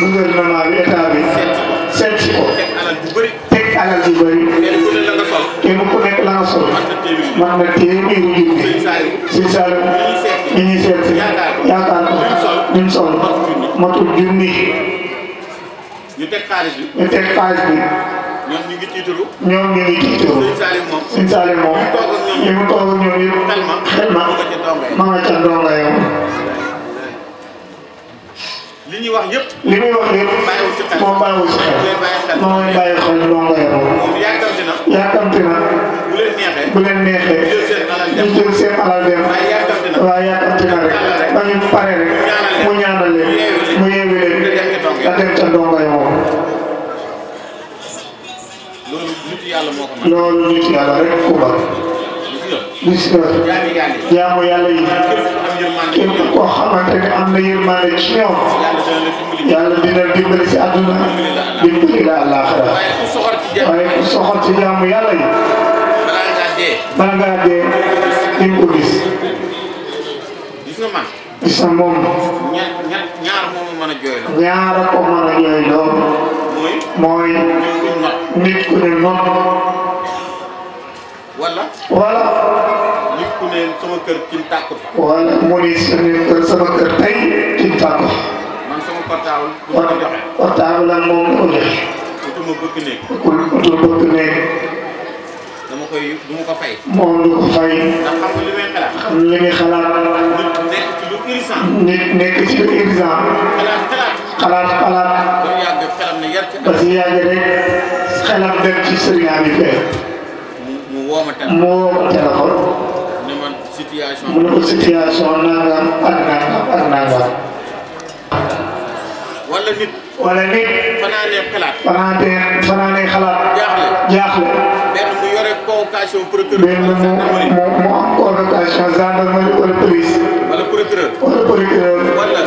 [SPEAKER 8] gouvernement bi état ko teg alal bu bëri kenn ku nekk la nga sol wax na téeméeri junni Serigne Saliou ñi ñuy seet si yaakaar ko ñu ñu teg xaalis bi. ñu teg xaalis bi. ñoom ñu ngi tiitaru. ñoom ñu ngi tiitaru. suñ Salim moom. suñ Salim moom. ñu mu toog ak ñoom yëpp. xel ma xel ma ma nga ca ndonga yow. li ñuy wax yëpp. li ñuy wax yëpp. bàyyiwul ci xel moom bàyyiwul ci xel. moom mooy bàyyi xel ndonga yow. yàkkamti na. yàkkamti na. bu leen neexee. bu leen neexee. ñu jël seen alal dem. loolu nit yàlla rek ku bari bisimilah yàlla yi képp koo xamante ne am na yërmande ci ñoom yàlla dina dimbali si àdduna dimbali la àllaaxira waaye ku soxor ci jaamu yàlla yi bala ngaa dee di ko gis. gis na moom ñaar ko mën a jooy lool mooy nit ku ne noonu. wala. wala. nit ku ne sama kër ci tàkku fa. wala mu ne sama kër tey ci tàkku fa. man sama portable. bu ma ko joxee portable ak moom ko joxe. oto ma bëgg nekk. oto bëgg nekk. dama koy du ma ko fay. moom du ko fay. ndax xam nga li may xalaat. xam nga li may xalaat. nit nekk ci lu urgent. nit nekk ci lu urgent. xalaat xalaat. xalaat xalaat. ba mu yàgg xelam ne yar ci. parce que yàgg rek xelam dem ci sëriñ bi fee. moo téléphone. ne man situation. mu ne ko situation nangam ak nangam ak nangam. wala nit. wala nit. fanaanee xalaat. fanaanee fanaanee xalaat. jaaxle jaaxle. benn mu yore convocation procureur. benn mu mu am convocation gendarmerie wala police. wala procureur. wala procureur. wala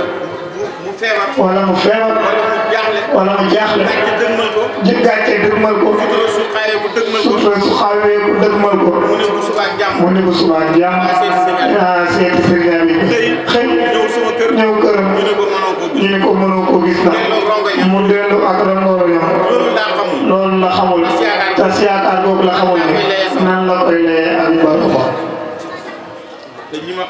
[SPEAKER 8] mu feebar. wala mu feebar. wala mu jaaxle. wala mu jaaxle. gàcce dëgmal ko. gàcce dëgmal ko. sutura su xawee ku dëgmal ko mu ne ko subaa jàmm ah seeti sëriñ bi xëy ñëw këram ñu ne ko mënoo ko gis na mu dellu ak rangoro loolu la xamul tas yaakaar boobu la xamul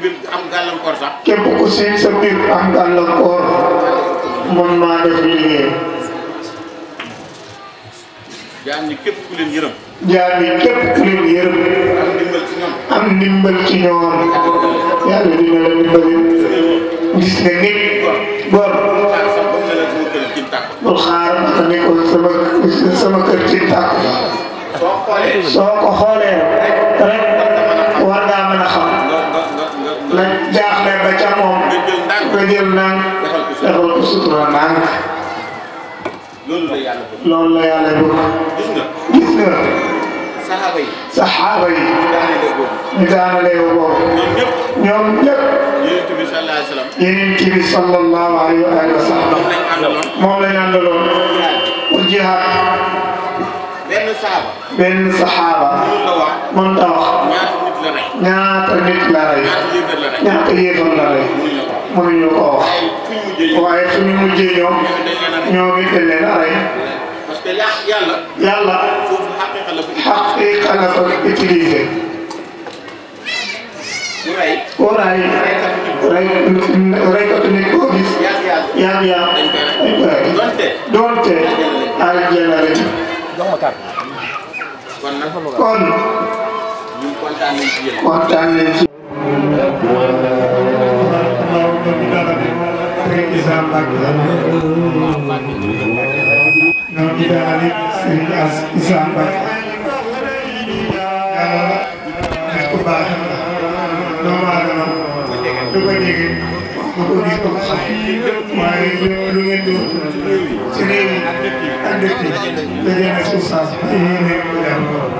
[SPEAKER 8] mbir am gàllankoor sax. képp ku si sa mbir am gàllankoor mën maa def liggéey.
[SPEAKER 7] jaam ñi képp ku leen yërëm.
[SPEAKER 8] jaam ñi képp ku leen yërëm. am ndimbal ci ñoom. am ndimbal ci ñoom. yàlla dina la dimbali. gis nga nit. bor. bu xaar ba ne ko sama sama kër ci tàkk. soo ko xoolee rek. ko jël naan defal ko sutura naan loolu la yàlla bëgg loolu la yàlla bëgg gis nga gis nga saxaaba yi saxaaba yi ñu daanalee boobu ñoom ñëpp yonent bi sallallahu alayhi wa sallam moom lañ àndaloon pour jihaad
[SPEAKER 7] benn saxaaba
[SPEAKER 8] benn saxaaba mënut a wax ñaata nit la rey ñaata yéefar la rey mënuñu ko wax waaye fu ñu mujjee ñoom ñoom it dañ leen a rey yàlla xaqiqa la ko utilisé walaay rey reykatu nit koo gis yàgg yàgg dañ koy rey doonte aljana lañ kon
[SPEAKER 4] kontaan nañ
[SPEAKER 8] ci Mbacke ñoo ngi daal it Serigne As Issa
[SPEAKER 4] Mbacke yàlla nit ku baax doomu aadama
[SPEAKER 8] du ko dégg du ko gis ko xam waaye lu ngeen di ci réew mi ak dëkk yi daje na suuf saas yéene ko jàmm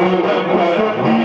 [SPEAKER 8] Allah Allah Allah